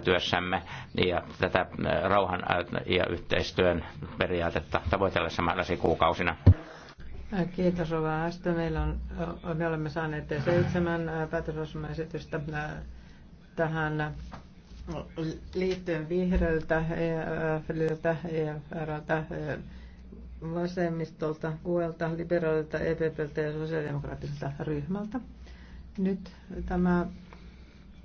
työssämme ja tätä rauhan ja yhteistyön periaatetta tavoitellessamme lasikuukausina. Kiitos Rova Asta. Meillä on, me olemme saaneet seitsemän päätösosmaesitystä tähän liittyen vihreiltä, EFLiltä, EFRltä, vasemmistolta, QLta, liberaalilta, EPPltä ja sosiaalidemokraattiselta ryhmältä. Nyt tämä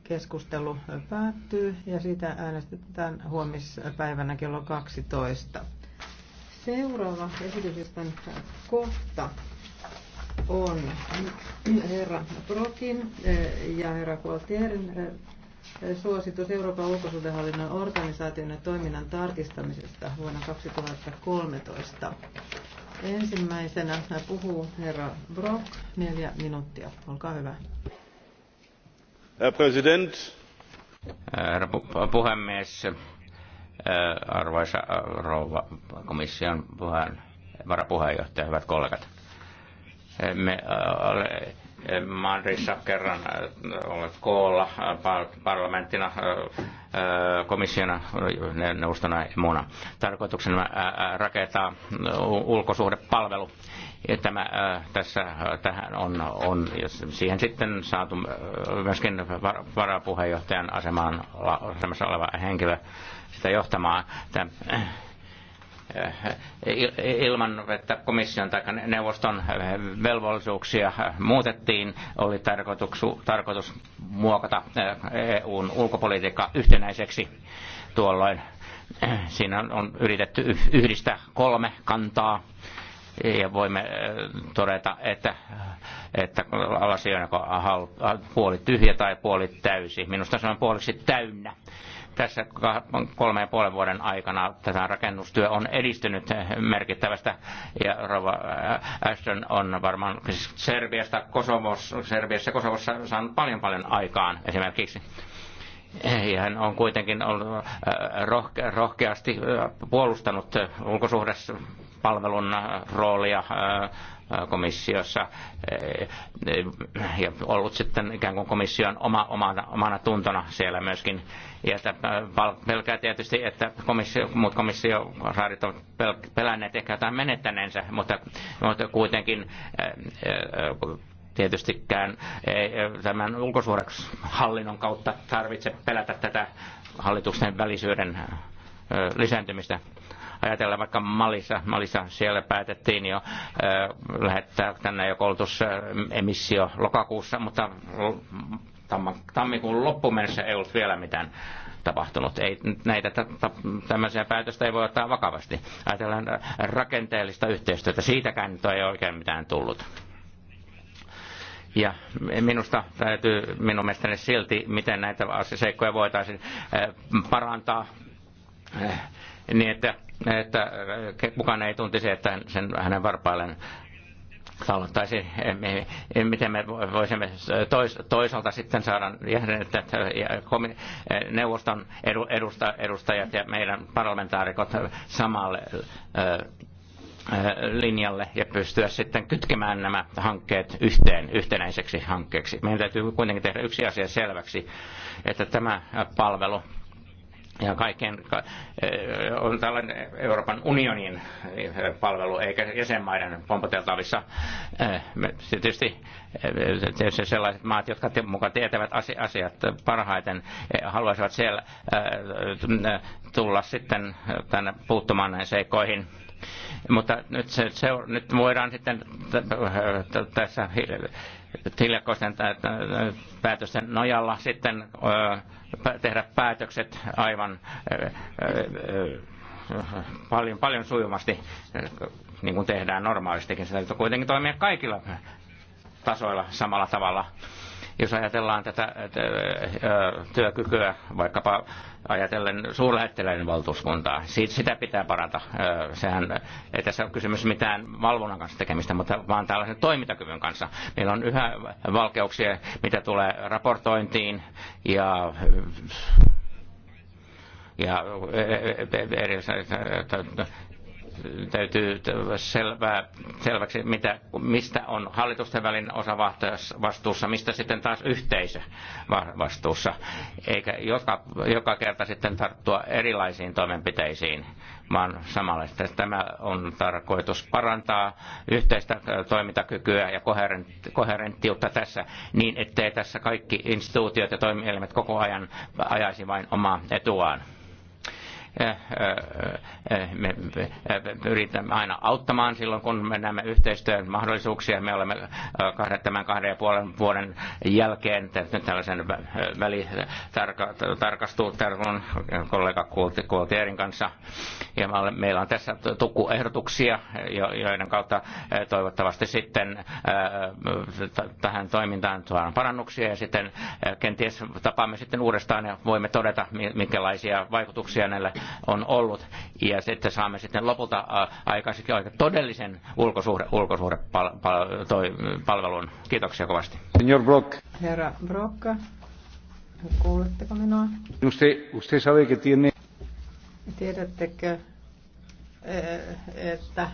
Keskustelu päättyy ja sitä äänestetään huomispäivänä kello 12. Seuraava esityslistan kohta on herra Brokin eh, ja herra Gualtierin eh, suositus Euroopan ulkosuhdehallinnon organisaation ja toiminnan tarkistamisesta vuonna 2013. Ensimmäisenä puhuu herra Brock, neljä minuuttia. Olkaa hyvä herr präsident herra puhemies äh, arvoisa äh, rouva komission varapuheenjohtaja hyvät kollegat me äh, Madridissa kerran olleet koolla parlamenttina, komissiona, neuvostona ja muuna. Tarkoituksena rakentaa ulkosuhdepalvelu, tämä, äh, tässä tähän on, on jos siihen sitten saatu myöskin varapuheenjohtajan asemaan, asemassa oleva henkilö sitä johtamaan. Tämän, ilman, että komission tai neuvoston velvollisuuksia muutettiin, oli tarkoitus, tarkoitus muokata EUn ulkopolitiikka yhtenäiseksi tuolloin. Siinä on yritetty yhdistää kolme kantaa ja voimme äh, todeta, että, että lasi on puoli tyhjä tai puoli täysi. Minusta se on puoliksi täynnä. Tässä kolme ja puolen vuoden aikana tätä rakennustyö on edistynyt merkittävästä ja Rova äh, Ashton on varmaan Serbiasta, Kosovossa, Serbiassa Kosovossa saanut paljon paljon aikaan esimerkiksi hän on kuitenkin ollut äh, rohkeasti puolustanut ulkosuhdessa palvelun äh, roolia äh, äh, komissiossa ja ollut sitten ikään kuin komission oma, omana, omana tuntona siellä myöskin. Ja että pelkää tietysti, että komissio, muut komissioraadit ovat pelänneet ehkä jotain menettäneensä, mutta, mutta kuitenkin tietystikään tämän hallinnon kautta tarvitse pelätä tätä hallituksen välisyyden lisääntymistä. Ajatellaan vaikka Malissa, Malissa siellä päätettiin jo lähettää tänne jo koulutusemissio lokakuussa, mutta tammikuun loppuun mennessä ei ollut vielä mitään tapahtunut. Ei, näitä tämmöisiä päätöstä ei voi ottaa vakavasti. Ajatellaan rakenteellista yhteistyötä. Siitäkään nyt ei oikein mitään tullut. Ja minusta täytyy minun mielestäni silti, miten näitä seikkoja voitaisiin parantaa niin, että että kukaan ei tuntisi, että sen, hänen varpailleen tallottaisi, miten me voisimme tois, toisaalta sitten saada jäsenet, neuvoston edusta, edustajat ja meidän parlamentaarikot samalle linjalle ja pystyä sitten kytkemään nämä hankkeet yhteen, yhtenäiseksi hankkeeksi. Meidän täytyy kuitenkin tehdä yksi asia selväksi, että tämä palvelu ja kaiken eh, on tällainen Euroopan unionin eh, palvelu, eikä jäsenmaiden pompoteltavissa. Eh, tietysti, tietysti sellaiset maat, jotka mukaan tietävät asiat parhaiten, haluaisivat siellä tulla sitten tänne puuttumaan näihin seikkoihin. Mutta nyt, se, se, nyt voidaan sitten tässä hiljakkoisten päätösten nojalla sitten tehdä päätökset aivan paljon, paljon sujuvasti, niin kuin tehdään normaalistikin. Se täytyy kuitenkin toimia kaikilla tasoilla samalla tavalla. Jos ajatellaan tätä työkykyä, vaikkapa ajatellen suurlähettiläinen valtuuskuntaa, siitä sitä pitää parata. Sehän ei tässä ole kysymys mitään valvonnan kanssa tekemistä, mutta vaan tällaisen toimintakyvyn kanssa. Meillä on yhä valkeuksia, mitä tulee raportointiin ja ja täytyy selvää, selväksi, mitä, mistä on hallitusten välin osa vastuussa, mistä sitten taas yhteisö vastuussa, eikä joka, joka kerta sitten tarttua erilaisiin toimenpiteisiin, vaan samalla tämä on tarkoitus parantaa yhteistä toimintakykyä ja koherenttiutta tässä niin, ettei tässä kaikki instituutiot ja toimielimet koko ajan ajaisi vain omaa etuaan. Eh, eh, eh, me pyritään aina auttamaan silloin, kun me näemme yhteistyön mahdollisuuksia. Me olemme kahden, tämän kahden ja puolen vuoden jälkeen tällaisen välitarkastuun kollega Kultierin kanssa. Ja meillä on tässä tukuehdotuksia, joiden kautta toivottavasti sitten tähän toimintaan tuodaan parannuksia ja sitten kenties tapaamme sitten uudestaan ja voimme todeta, minkälaisia vaikutuksia näillä on ollut. Ja että saamme sitten lopulta aikaisemmin aika todellisen ulkosuhde, ulkosuhdepalvelun. Kiitoksia kovasti. Senior Brock. Herra Brock, kuuletteko minua? Usted, usted sabe que tiene... Tiedättekö, että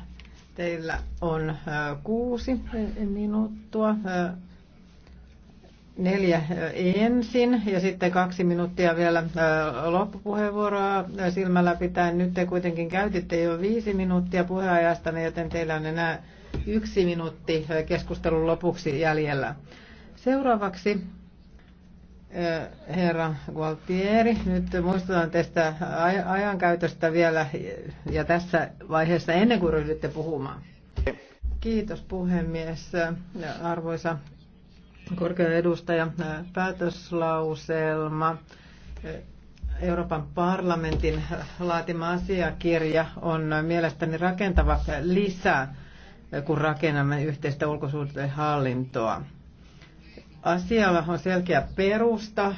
teillä on kuusi minuuttua neljä ensin ja sitten kaksi minuuttia vielä loppupuheenvuoroa silmällä pitäen. Nyt te kuitenkin käytitte jo viisi minuuttia puheajasta, joten teillä on enää yksi minuutti keskustelun lopuksi jäljellä. Seuraavaksi herra Gualtieri, nyt muistutan tästä ajankäytöstä vielä ja tässä vaiheessa ennen kuin ryhdytte puhumaan. Kiitos puhemies, arvoisa korkea edustaja päätöslauselma. Euroopan parlamentin laatima asiakirja on mielestäni rakentava lisä, kun rakennamme yhteistä ulkosuhdehallintoa. Asialla on selkeä perusta,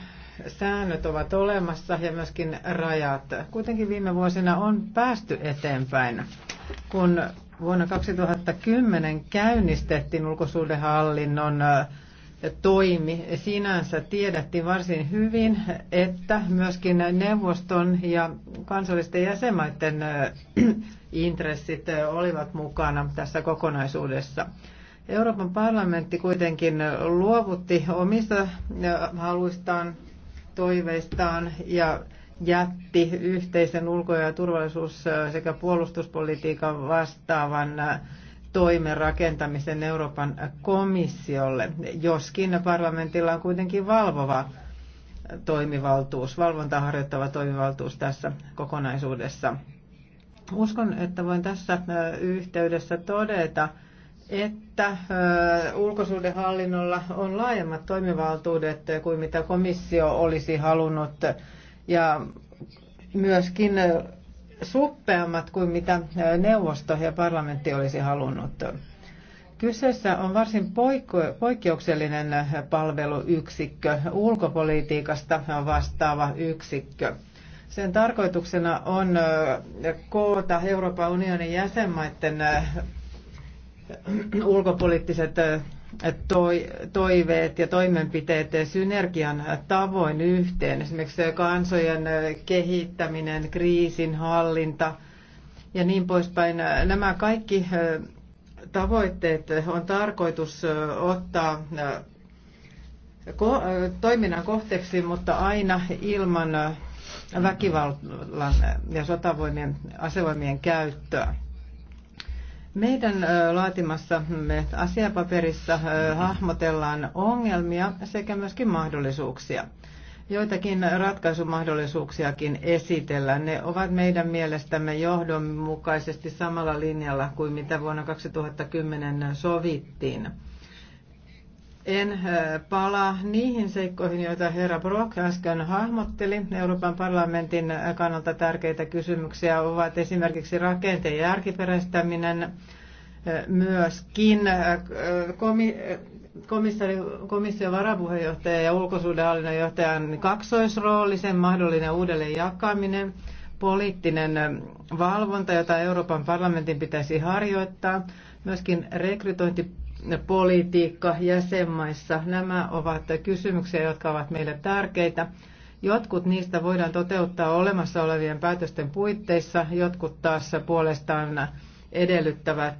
säännöt ovat olemassa ja myöskin rajat. Kuitenkin viime vuosina on päästy eteenpäin, kun vuonna 2010 käynnistettiin ulkosuhdehallinnon toimi. Sinänsä tiedettiin varsin hyvin, että myöskin neuvoston ja kansallisten jäsenmaiden intressit olivat mukana tässä kokonaisuudessa. Euroopan parlamentti kuitenkin luovutti omista haluistaan, toiveistaan ja jätti yhteisen ulko- ja turvallisuus- sekä puolustuspolitiikan vastaavan toimen rakentamisen Euroopan komissiolle, joskin parlamentilla on kuitenkin valvova toimivaltuus, valvontaa harjoittava toimivaltuus tässä kokonaisuudessa. Uskon, että voin tässä yhteydessä todeta, että ulkosuudenhallinnolla on laajemmat toimivaltuudet kuin mitä komissio olisi halunnut ja myöskin suppeammat kuin mitä neuvosto ja parlamentti olisi halunnut. Kyseessä on varsin poikkeuksellinen palveluyksikkö, ulkopolitiikasta vastaava yksikkö. Sen tarkoituksena on koota Euroopan unionin jäsenmaiden ulkopoliittiset toiveet ja toimenpiteet synergian tavoin yhteen. Esimerkiksi kansojen kehittäminen, kriisin hallinta ja niin poispäin. Nämä kaikki tavoitteet on tarkoitus ottaa toiminnan kohteeksi, mutta aina ilman väkivallan ja sotavoimien asevoimien käyttöä. Meidän laatimassamme asiapaperissa hahmotellaan ongelmia sekä myöskin mahdollisuuksia. Joitakin ratkaisumahdollisuuksiakin esitellään. Ne ovat meidän mielestämme johdonmukaisesti samalla linjalla kuin mitä vuonna 2010 sovittiin. En palaa niihin seikkoihin, joita herra Brock äsken hahmotteli. Euroopan parlamentin kannalta tärkeitä kysymyksiä ovat esimerkiksi rakenteen järkiperäistäminen, myöskin komi- komissari, komission varapuheenjohtaja ja ulkosuudenhallinnon johtajan kaksoisrooli, sen mahdollinen uudelleen jakaminen, poliittinen valvonta, jota Euroopan parlamentin pitäisi harjoittaa, myöskin rekrytointi politiikka jäsenmaissa. Nämä ovat kysymyksiä, jotka ovat meille tärkeitä. Jotkut niistä voidaan toteuttaa olemassa olevien päätösten puitteissa, jotkut taas puolestaan edellyttävät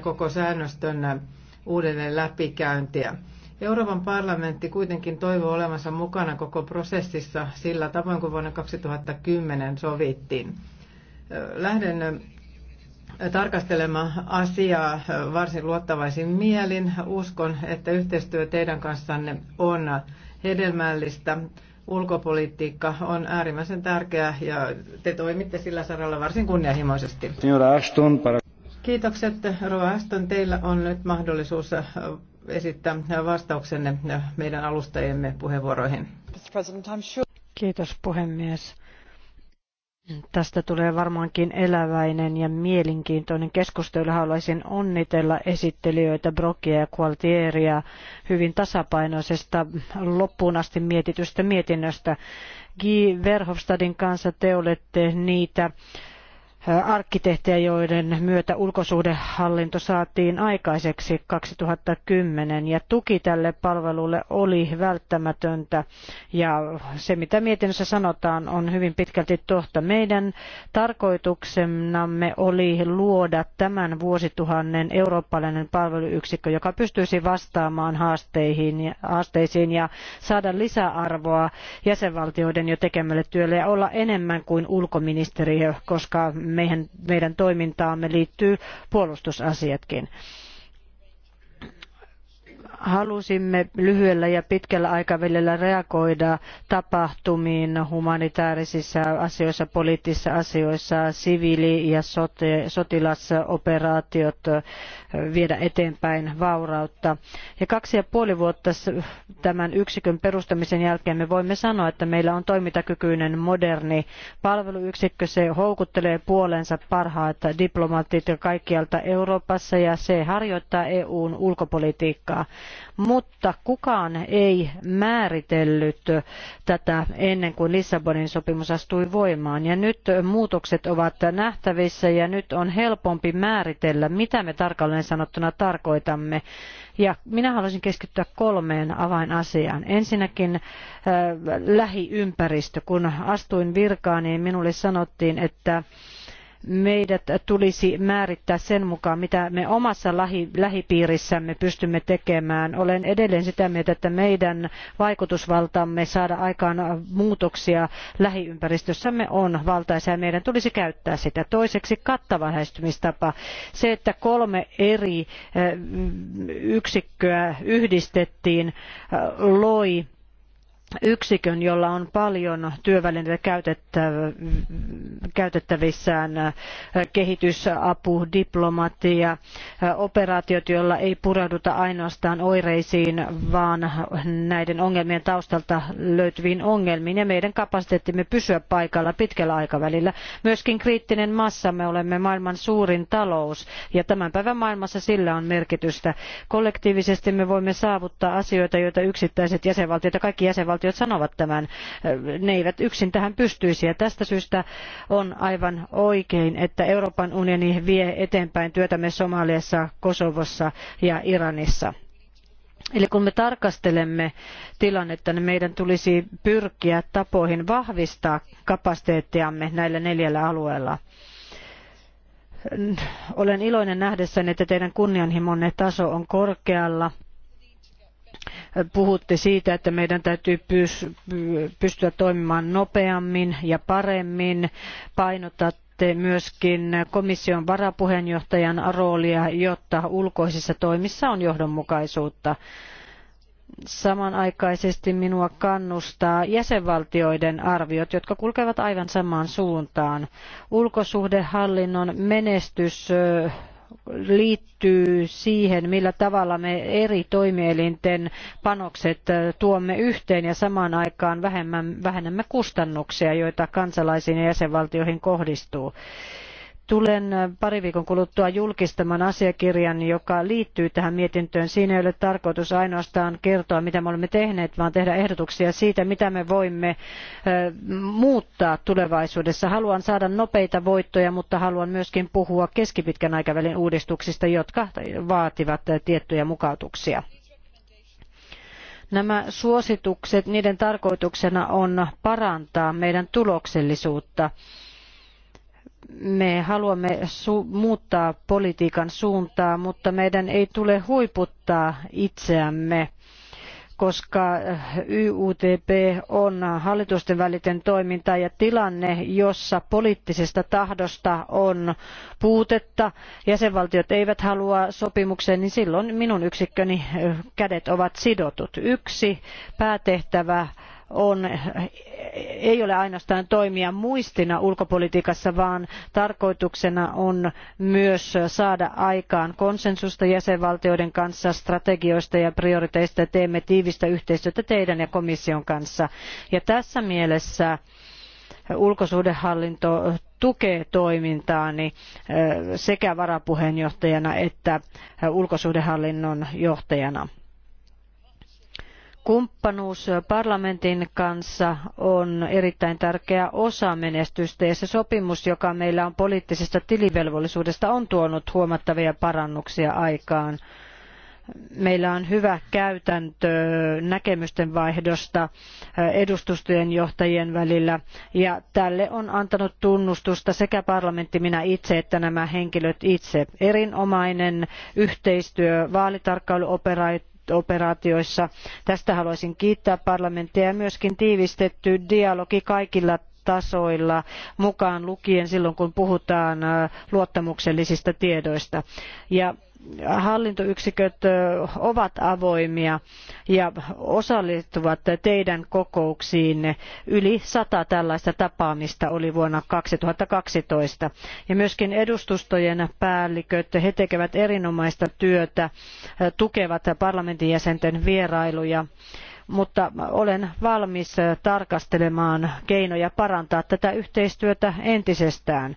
koko säännöstön uudelleen läpikäyntiä. Euroopan parlamentti kuitenkin toivoo olemassa mukana koko prosessissa sillä tavoin kuin vuonna 2010 sovittiin. Lähden tarkastelemaan asiaa varsin luottavaisin mielin. Uskon, että yhteistyö teidän kanssanne on hedelmällistä. Ulkopolitiikka on äärimmäisen tärkeää ja te toimitte sillä saralla varsin kunnianhimoisesti. Kiitokset, Rova Aston. Teillä on nyt mahdollisuus esittää vastauksenne meidän alustajiemme puheenvuoroihin. Kiitos puhemies Tästä tulee varmaankin eläväinen ja mielenkiintoinen keskustelu. Haluaisin onnitella esittelijöitä Brokia ja Qualtieria hyvin tasapainoisesta loppuun asti mietitystä mietinnöstä. Guy Verhofstadin kanssa te olette niitä arkkitehtejä, joiden myötä ulkosuhdehallinto saatiin aikaiseksi 2010 ja tuki tälle palvelulle oli välttämätöntä ja se mitä mietinnössä sanotaan on hyvin pitkälti tohta. Meidän tarkoituksenamme oli luoda tämän vuosituhannen eurooppalainen palveluyksikkö, joka pystyisi vastaamaan haasteisiin ja saada lisäarvoa jäsenvaltioiden jo tekemälle työlle ja olla enemmän kuin ulkoministeriö, koska meidän, meidän toimintaamme liittyy puolustusasiatkin halusimme lyhyellä ja pitkällä aikavälillä reagoida tapahtumiin humanitaarisissa asioissa, poliittisissa asioissa, siviili- ja sote, sotilasoperaatiot, viedä eteenpäin vaurautta. Ja kaksi ja puoli vuotta tämän yksikön perustamisen jälkeen me voimme sanoa, että meillä on toimintakykyinen moderni palveluyksikkö. Se houkuttelee puolensa parhaat diplomaatit kaikkialta Euroopassa ja se harjoittaa EUn ulkopolitiikkaa. Mutta kukaan ei määritellyt tätä ennen kuin Lissabonin sopimus astui voimaan. Ja nyt muutokset ovat nähtävissä ja nyt on helpompi määritellä, mitä me tarkalleen suomen sanottuna tarkoitamme. Ja minä haluaisin keskittyä kolmeen avainasiaan. Ensinnäkin äh, lähiympäristö. Kun astuin virkaan, niin minulle sanottiin, että meidät tulisi määrittää sen mukaan, mitä me omassa lähipiirissämme pystymme tekemään. Olen edelleen sitä mieltä, että meidän vaikutusvaltamme saada aikaan muutoksia lähiympäristössämme on valtaisa ja meidän tulisi käyttää sitä. Toiseksi kattava lähestymistapa. Se, että kolme eri eh, yksikköä yhdistettiin, eh, loi yksikön, jolla on paljon työvälineitä käytettävissään, äh, kehitysapu, diplomatia, äh, operaatiot, joilla ei pureuduta ainoastaan oireisiin, vaan näiden ongelmien taustalta löytyviin ongelmiin ja meidän kapasiteettimme pysyä paikalla pitkällä aikavälillä. Myöskin kriittinen massamme olemme maailman suurin talous ja tämän päivän maailmassa sillä on merkitystä. Kollektiivisesti me voimme saavuttaa asioita, joita yksittäiset jäsenvaltiot ja kaikki jäsenvaltiot jäsenvaltiot sanovat tämän. Ne eivät yksin tähän pystyisi ja tästä syystä on aivan oikein, että Euroopan unioni vie eteenpäin työtämme Somaliassa, Kosovossa ja Iranissa. Eli kun me tarkastelemme tilannetta, niin meidän tulisi pyrkiä tapoihin vahvistaa kapasiteettiamme näillä neljällä alueella olen iloinen nähdessäni, että teidän kunnianhimonne taso on korkealla puhutte siitä, että meidän täytyy pystyä toimimaan nopeammin ja paremmin, painotatte myöskin komission varapuheenjohtajan roolia, jotta ulkoisissa toimissa on johdonmukaisuutta. Samanaikaisesti minua kannustaa jäsenvaltioiden arviot, jotka kulkevat aivan samaan suuntaan. Ulkosuhdehallinnon menestys liittyy siihen, millä tavalla me eri toimielinten panokset tuomme yhteen ja samaan aikaan vähemmän, vähennämme kustannuksia, joita kansalaisiin ja jäsenvaltioihin kohdistuu. Tulen parin viikon kuluttua julkistamaan asiakirjan, joka liittyy tähän mietintöön. Siinä ei ole tarkoitus ainoastaan kertoa, mitä me olemme tehneet, vaan tehdä ehdotuksia siitä, mitä me voimme muuttaa tulevaisuudessa. Haluan saada nopeita voittoja, mutta haluan myöskin puhua keskipitkän aikavälin uudistuksista, jotka vaativat tiettyjä mukautuksia. Nämä suositukset, niiden tarkoituksena on parantaa meidän tuloksellisuutta me haluamme muuttaa politiikan suuntaa, mutta meidän ei tule huiputtaa itseämme koska eh, YUTP on hallitusten väliten toiminta ja tilanne, jossa poliittisesta tahdosta on puutetta, jäsenvaltiot eivät halua sopimukseen, niin silloin minun yksikköni eh, kädet ovat sidotut. Yksi päätehtävä on, ei ole ainoastaan toimia muistina ulkopolitiikassa, vaan tarkoituksena on myös saada aikaan konsensusta jäsenvaltioiden kanssa strategioista ja prioriteista. Teemme tiivistä yhteistyötä teidän ja komission kanssa. Ja tässä mielessä ulkosuhdehallinto tukee toimintaani eh, sekä varapuheenjohtajana että ulkosuhdehallinnon johtajana kumppanuus parlamentin kanssa on erittäin tärkeä osa menestystä ja se sopimus, joka meillä on poliittisesta tilivelvollisuudesta, on tuonut huomattavia parannuksia aikaan. Meillä on hyvä käytäntö näkemysten vaihdosta edustustojen johtajien välillä ja tälle on antanut tunnustusta sekä parlamentti minä itse että nämä henkilöt itse. Erinomainen yhteistyö vaalitarkkailuoperaatioon operaatioissa. Tästä haluaisin kiittää parlamenttia ja myöskin tiivistetty dialogi kaikilla tasoilla mukaan lukien silloin kun puhutaan luottamuksellisista tiedoista. Ja hallintoyksiköt ovat avoimia ja osallistuvat teidän kokouksiinne. Yli sata tällaista tapaamista oli vuonna 2012. Ja myöskin edustustojen päälliköt, he tekevät erinomaista työtä, tukevat parlamentin jäsenten vierailuja mutta olen valmis tarkastelemaan keinoja parantaa tätä yhteistyötä entisestään.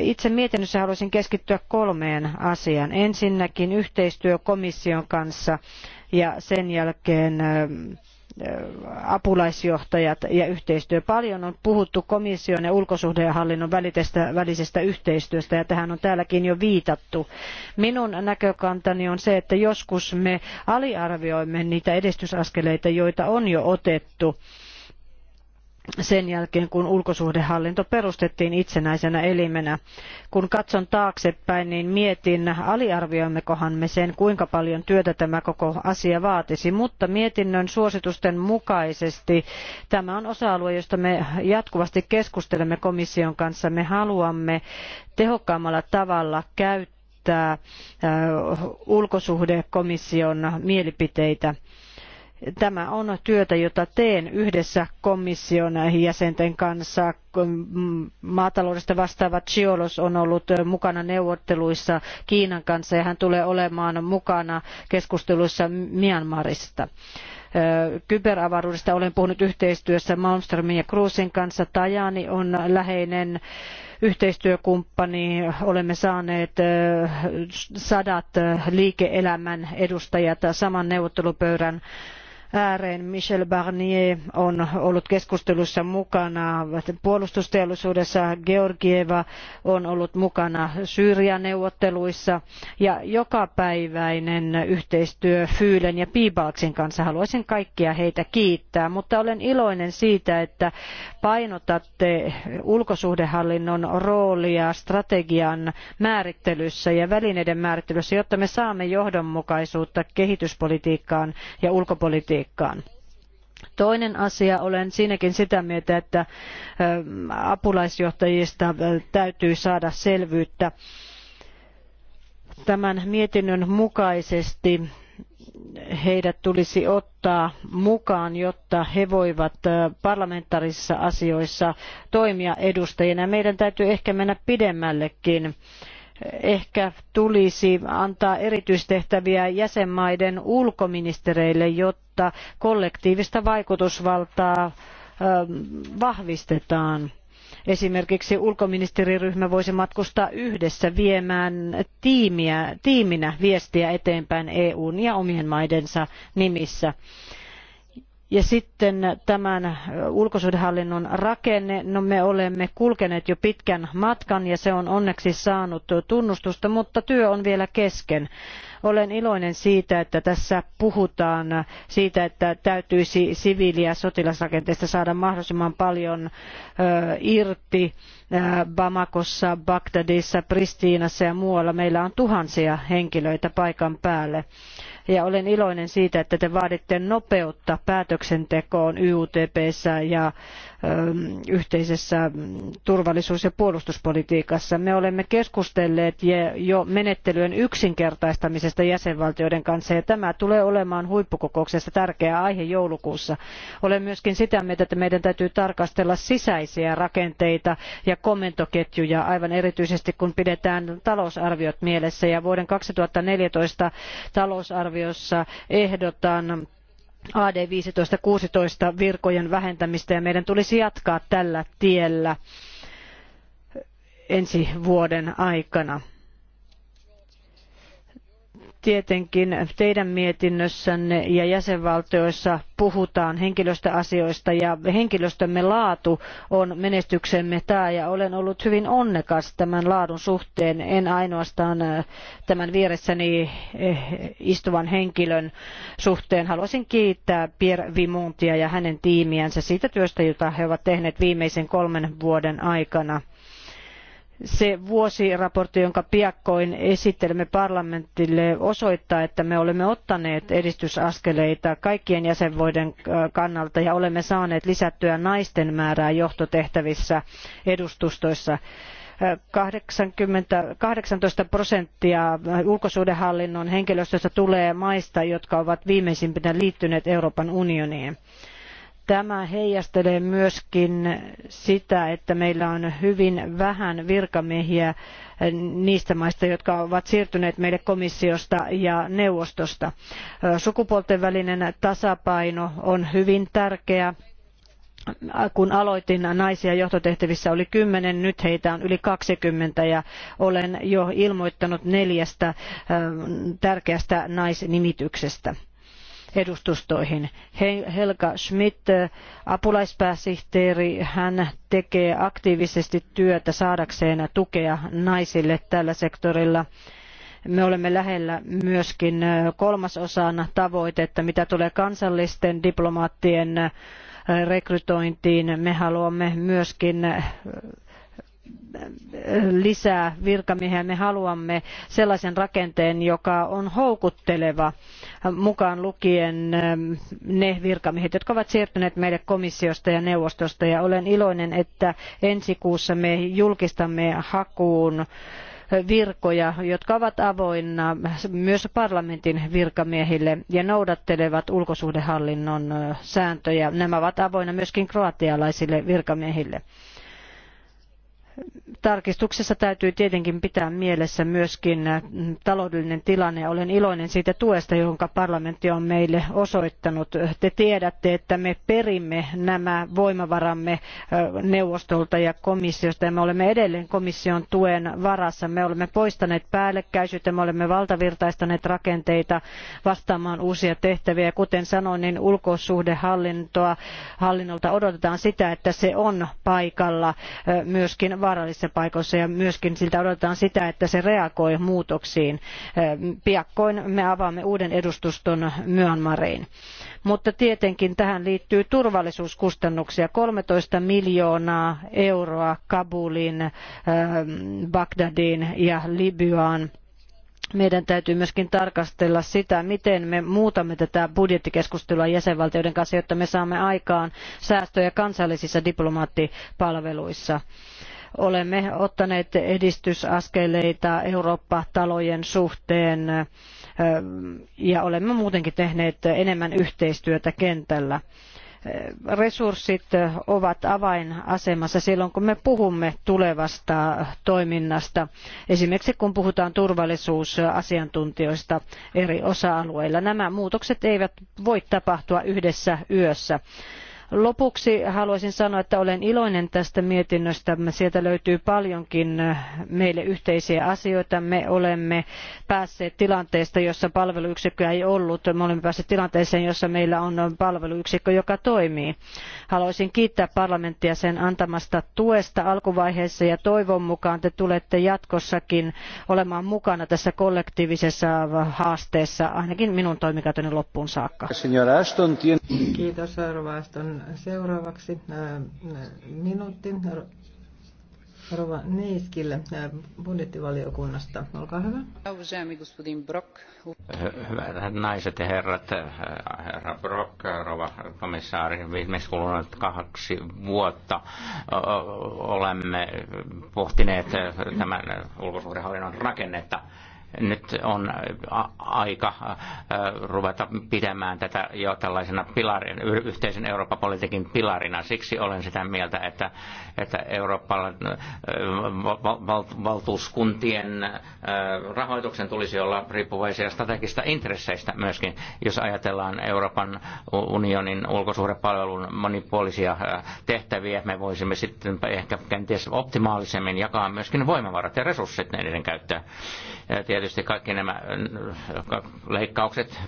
Itse mietinnössä haluaisin keskittyä kolmeen asiaan. Ensinnäkin yhteistyö komission kanssa ja sen jälkeen apulaisjohtajat ja yhteistyö. Paljon on puhuttu komission ja ulkosuhdehallinnon välitestä, välisestä yhteistyöstä ja tähän on täälläkin jo viitattu. Minun näkökantani on se, että joskus me aliarvioimme niitä edistysaskeleita, joita on jo otettu sen jälkeen, kun ulkosuhdehallinto perustettiin itsenäisenä elimenä. Kun katson taaksepäin, niin mietin, aliarvioimmekohan me sen, kuinka paljon työtä tämä koko asia vaatisi, mutta mietinnön suositusten mukaisesti tämä on osa-alue, josta me jatkuvasti keskustelemme komission kanssa. Me haluamme tehokkaammalla tavalla käyttää ulkosuhdekomission mielipiteitä Tämä on työtä, jota teen yhdessä komission jäsenten kanssa. Maataloudesta vastaava Chiolos on ollut mukana neuvotteluissa Kiinan kanssa ja hän tulee olemaan mukana keskusteluissa Myanmarista kyberavaruudesta olen puhunut yhteistyössä Malmströmin ja Cruzin kanssa. Tajani on läheinen yhteistyökumppani. Olemme saaneet sadat liike-elämän edustajat saman neuvottelupöydän ääreen. Michel Barnier on ollut keskustelussa mukana puolustusteollisuudessa, Georgieva on ollut mukana Syyrian neuvotteluissa ja jokapäiväinen yhteistyö Fyylen ja Piibalksin kanssa. Haluaisin kaikkia heitä kiittää, mutta olen iloinen siitä, että painotatte ulkosuhdehallinnon roolia strategian määrittelyssä ja välineiden määrittelyssä, jotta me saamme johdonmukaisuutta kehityspolitiikkaan ja ulkopolitiikkaan politiikkaan. Toinen asia, olen siinäkin sitä mieltä, että ähm, apulaisjohtajista äh, täytyy saada selvyyttä. Tämän mietinnön mukaisesti heidät tulisi ottaa mukaan, jotta he voivat äh, parlamentaarisissa asioissa toimia edustajina. Meidän täytyy ehkä mennä pidemmällekin ehkä tulisi antaa erityistehtäviä jäsenmaiden ulkoministereille, jotta kollektiivista vaikutusvaltaa vahvistetaan. Esimerkiksi ulkoministeriryhmä voisi matkustaa yhdessä viemään tiimiä, tiiminä viestiä eteenpäin EUn ja omien maidensa nimissä. Ja sitten tämän ulkosuhdehallinnon rakenne, no me olemme kulkeneet jo pitkän matkan ja se on onneksi saanut tunnustusta, mutta työ on vielä kesken. Olen iloinen siitä, että tässä puhutaan siitä, että täytyisi siviili- ja sotilasrakenteesta saada mahdollisimman paljon irti. Bamakossa, Bagdadissa, Pristiinassa ja muualla meillä on tuhansia henkilöitä paikan päälle ja olen iloinen siitä, että te vaaditte nopeutta päätöksentekoon YUTPssä ja Ähm, yhteisessä turvallisuus- ja puolustuspolitiikassa. Me olemme keskustelleet jo menettelyjen yksinkertaistamisesta jäsenvaltioiden kanssa ja tämä tulee olemaan huippukokouksessa tärkeä aihe joulukuussa. Olen myöskin sitä mieltä, että meidän täytyy tarkastella sisäisiä rakenteita ja komentoketjuja aivan erityisesti kun pidetään talousarviot mielessä ja vuoden 2014 talousarviossa ehdotan ad viisitoista kuusitoista virkojen vähentämistä ja meidän tulisi jatkaa tällä tiellä ensi vuoden aikana tietenkin teidän mietinnössänne ja jäsenvaltioissa puhutaan henkilöstöasioista ja henkilöstömme laatu on menestyksemme tae ja olen ollut hyvin onnekas tämän laadun suhteen, en ainoastaan äh, tämän vieressäni eh, istuvan henkilön suhteen. Haluaisin kiittää Pierre Vimontia ja hänen tiimiänsä siitä työstä, jota he ovat tehneet viimeisen kolmen vuoden aikana se vuosiraportti, jonka piakkoin esittelemme parlamentille, osoittaa, että me olemme ottaneet edistysaskeleita kaikkien jäsenvaltioiden kannalta ja olemme saaneet lisättyä naisten määrää johtotehtävissä edustustoissa. 80, prosenttia ulkosuhdehallinnon henkilöstöstä tulee maista, jotka ovat viimeisimpinä liittyneet Euroopan unioniin. Tämä heijastelee myöskin sitä, että meillä on hyvin vähän virkamiehiä niistä maista, jotka ovat siirtyneet meille komissiosta ja neuvostosta. Sukupuolten välinen tasapaino on hyvin tärkeä kun aloitin naisia johtotehtävissä oli kymmenen nyt heitä on yli kaksikymmentä ja olen jo ilmoittanut neljästä tärkeästä naisnimityksestä edustustoihin. Helga Schmidt, äh, apulaispääsihteeri, hän tekee aktiivisesti työtä saadakseen tukea naisille tällä sektorilla. Me olemme lähellä myöskin äh, kolmasosan tavoitetta, mitä tulee kansallisten diplomaattien äh, rekrytointiin. Me haluamme myöskin lisää virkamiehiä. Me haluamme sellaisen rakenteen, joka on houkutteleva mukaan lukien ähm, ne virkamiehet, jotka ovat siirtyneet meille komissiosta ja neuvostosta. Ja olen iloinen, että ensi kuussa me julkistamme hakuun virkoja, jotka ovat avoinna myös parlamentin virkamiehille ja noudattelevat ulkosuhdehallinnon äh, sääntöjä. Nämä ovat avoinna myöskin kroatialaisille virkamiehille tarkistuksessa täytyy tietenkin pitää mielessä myöskin äh, taloudellinen tilanne ja olen iloinen siitä tuesta jonka parlamentti on meille osoittanut. te tiedätte että me perimme nämä voimavaramme äh, neuvostolta ja komissiosta ja me olemme edelleen komission tuen varassa. me olemme poistaneet päällekkäisyyttä me olemme valtavirtaistaneet rakenteita vastaamaan uusia tehtäviä ja kuten sanoin niin ulkosuhdehallinnolta odotetaan sitä että se on paikalla äh, myöskin vaarallisissa paikoissa ja myöskin siltä odotetaan sitä, että se reagoi muutoksiin. Piakkoin me avaamme uuden edustuston Myanmariin. Mutta tietenkin tähän liittyy turvallisuuskustannuksia. 13 miljoonaa euroa Kabulin, Bagdadiin ja Libyaan meidän täytyy myöskin tarkastella sitä, miten me muutamme tätä budjettikeskustelua jäsenvaltioiden kanssa, jotta me saamme aikaan säästöjä kansallisissa diplomaattipalveluissa. Olemme ottaneet edistysaskeleita Eurooppa-talojen suhteen ja olemme muutenkin tehneet enemmän yhteistyötä kentällä resurssit ovat avainasemassa silloin, kun me puhumme tulevasta toiminnasta. Esimerkiksi kun puhutaan turvallisuusasiantuntijoista eri osa-alueilla. Nämä muutokset eivät voi tapahtua yhdessä yössä. Lopuksi haluaisin sanoa, että olen iloinen tästä mietinnöstä. Sieltä löytyy paljonkin äh, meille yhteisiä asioita. Me olemme päässeet tilanteesta, jossa palveluyksikköä ei ollut. Me olemme päässeet tilanteeseen, jossa meillä on palveluyksikkö, joka toimii. Haluaisin kiittää parlamenttia sen antamasta tuesta alkuvaiheessa ja toivon mukaan te tulette jatkossakin olemaan mukana tässä kollektiivisessa haasteessa, ainakin minun toimikauteni loppuun saakka. Kiitos Arvaaston seuraavaksi äh, minuutti Rova Niiskille äh, budjettivaliokunnasta. Olkaa hyvä. Hyvät naiset ja herrat, äh, herra Brock, rova komissaari, viimeksi kulunut kaksi vuotta olemme pohtineet tämän ulkosuhdehallinnon rakennetta – nyt on äh, aika äh, ruveta pitämään tätä jo tällaisena pilarin, yhteisen Euroopan politiikin pilarina. Siksi olen sitä mieltä, että, että Euroopan äh, valtuuskuntien rahoituksen tulisi olla riippuvaisia strategista intresseistä myöskin, jos ajatellaan Euroopan unionin ulkosuhdepalvelun monipuolisia tehtäviä. Me voisimme sitten ehkä kenties optimaalisemmin jakaa myöskin voimavarat ja resurssit niiden käyttöön tietysti kaikki nämä äh, leikkaukset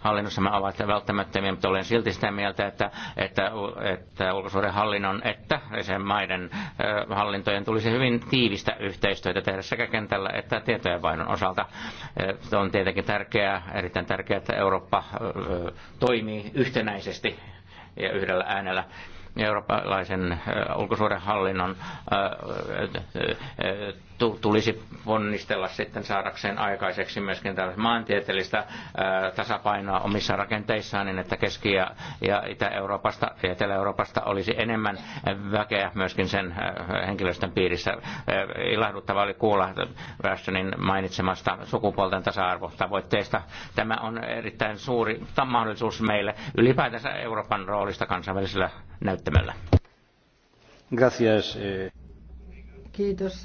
hallinnossamme ovat välttämättömiä, mutta olen silti sitä mieltä, että, että, että hallinnon että sen maiden äh, hallintojen tulisi hyvin tiivistä yhteistyötä tehdä sekä kentällä että tietojenvaihdon osalta. Äh, se on tietenkin tärkeää, erittäin tärkeää, että Eurooppa toimii yhtenäisesti ja yhdellä äänellä eurooppalaisen ulkosuudenhallinnon tulisi ponnistella sitten saadakseen aikaiseksi myöskin tällaista maantieteellistä tasapainoa omissa rakenteissaan, niin että Keski- ja, ja Itä-Euroopasta ja Etelä-Euroopasta olisi enemmän väkeä myöskin sen henkilöstön piirissä. Ilahduttava oli kuulla Rastonin mainitsemasta sukupuolten tasa-arvotavoitteesta. Tämä on erittäin suuri mahdollisuus meille ylipäätänsä Euroopan roolista kansainvälisellä näyttämällä käyttämällä. Gracias. Eh. Kiitos.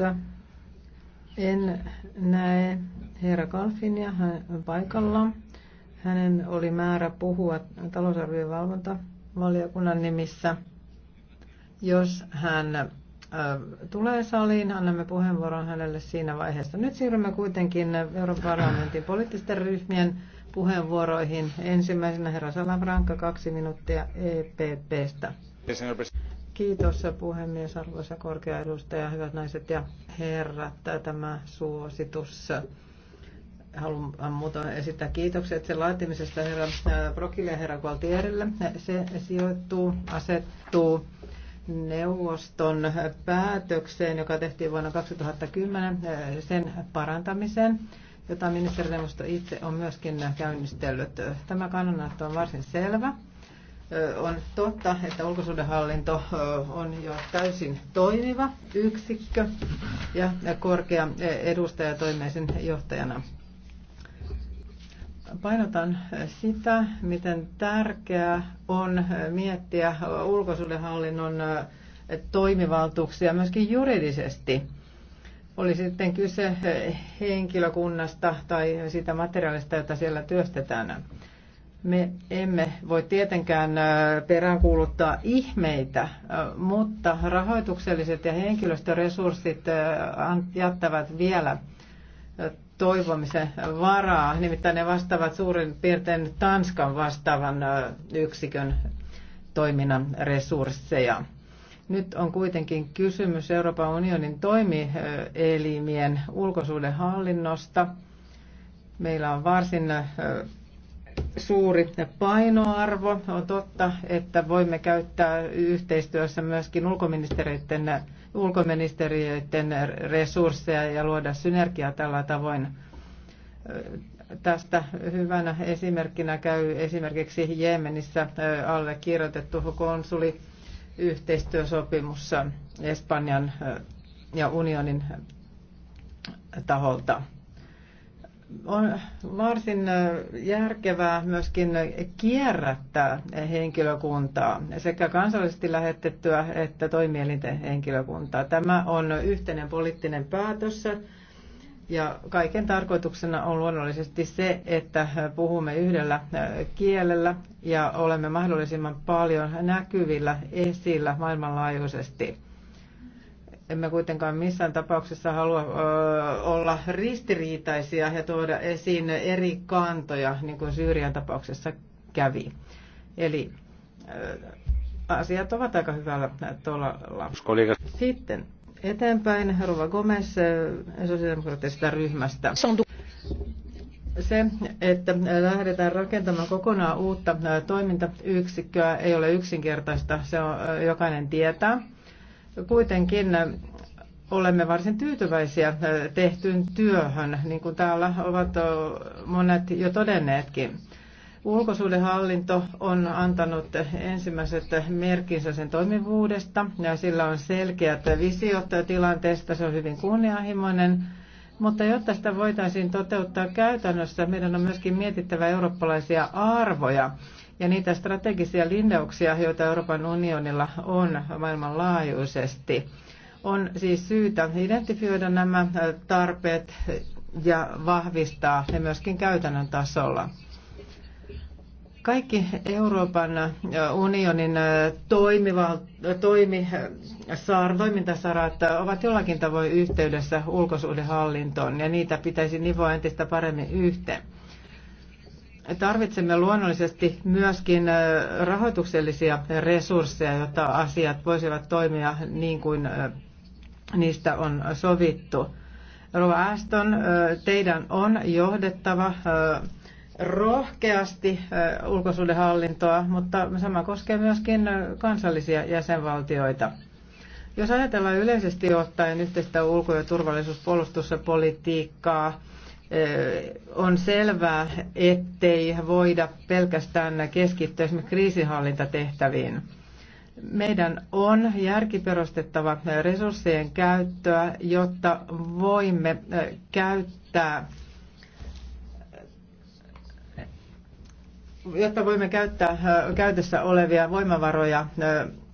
En näe herra Kalfinia hän on paikalla. Hänen oli määrä puhua talousarvion valvontavaliokunnan nimissä. Jos hän tulee saliin, annamme puheenvuoron hänelle siinä vaiheessa. Nyt siirrymme kuitenkin Euroopan parlamentin poliittisten ryhmien puheenvuoroihin. Ensimmäisenä herra Salafranka, kaksi minuuttia EPPstä. Kiitos puhemies, arvoisa korkea edustaja, hyvät naiset ja herrat. Tämä suositus haluan muuta esittää kiitokset sen laatimisesta herra äh, Brokille ja herra Gualtierille. Se sijoittuu, asettuu neuvoston päätökseen, joka tehtiin vuonna 2010, äh, sen parantamiseen, jota ministerineuvosto itse on myöskin käynnistellyt. Tämä kannanotto on varsin selvä on totta, että ulkosuudenhallinto on jo täysin toimiva yksikkö ja korkea edustaja toimii sen johtajana. Painotan sitä, miten tärkeää on miettiä ulkosuudenhallinnon toimivaltuuksia myöskin juridisesti. Oli sitten kyse henkilökunnasta tai sitä materiaalista, jota siellä työstetään me emme voi tietenkään peräänkuuluttaa ihmeitä, mutta rahoitukselliset ja henkilöstöresurssit jättävät vielä toivomisen varaa. Nimittäin ne vastaavat suurin piirtein Tanskan vastaavan yksikön toiminnan resursseja. Nyt on kuitenkin kysymys Euroopan unionin toimielimien ulkosuudenhallinnosta. Meillä on varsin suuri painoarvo. On totta, että voimme käyttää yhteistyössä myöskin ulkoministeriöiden, ulkoministeriöiden resursseja ja luoda synergiaa tällä tavoin. Tästä hyvänä esimerkkinä käy esimerkiksi Jemenissä allekirjoitettu konsuli yhteistyösopimus Espanjan ja unionin taholta on varsin järkevää myöskin kierrättää henkilökuntaa, sekä kansallisesti lähetettyä että toimielinten henkilökuntaa. Tämä on yhteinen poliittinen päätös, ja kaiken tarkoituksena on luonnollisesti se, että puhumme yhdellä kielellä ja olemme mahdollisimman paljon näkyvillä esillä maailmanlaajuisesti emme kuitenkaan missään tapauksessa halua olla ristiriitaisia ja tuoda esiin eri kantoja, niin kuin Syyrian tapauksessa kävi. Eli asiat ovat aika hyvällä tolalla. Sitten eteenpäin Rova Gomez sosiaalidemokraattisesta ryhmästä. Se, että lähdetään rakentamaan kokonaan uutta toimintayksikköä, ei ole yksinkertaista, se on, jokainen tietää Kuitenkin äh, olemme varsin tyytyväisiä äh, tehtyyn työhön, niin kuin täällä ovat äh, monet jo todenneetkin. Ulkosuudenhallinto on antanut ensimmäiset merkinsä sen toimivuudesta ja sillä on selkeät visiot tilanteesta. Se on hyvin kunnianhimoinen, mutta jotta sitä voitaisiin toteuttaa käytännössä, meidän on myöskin mietittävä eurooppalaisia arvoja ja niitä strategisia linjauksia, joita Euroopan unionilla on maailmanlaajuisesti. On siis syytä identifioida nämä tarpeet ja vahvistaa ne myöskin käytännön tasolla. Kaikki Euroopan unionin toimival, toimintasarat ovat jollakin tavoin yhteydessä ulkosuhdehallintoon ja niitä pitäisi nivoa entistä paremmin yhteen. Tarvitsemme luonnollisesti myöskin rahoituksellisia resursseja, jotta asiat voisivat toimia niin kuin niistä on sovittu. Rova Aston, teidän on johdettava rohkeasti ulkosuudenhallintoa, mutta sama koskee myöskin kansallisia jäsenvaltioita. Jos ajatellaan yleisesti ottaen yhteistä ulko- ja turvallisuuspuolustuspolitiikkaa, on selvää, ettei voida pelkästään keskittyä esimerkiksi kriisinhallintatehtäviin. Meidän on järkiperustettava resurssien käyttöä, jotta voimme käyttää jotta voimme käyttää käytössä olevia voimavaroja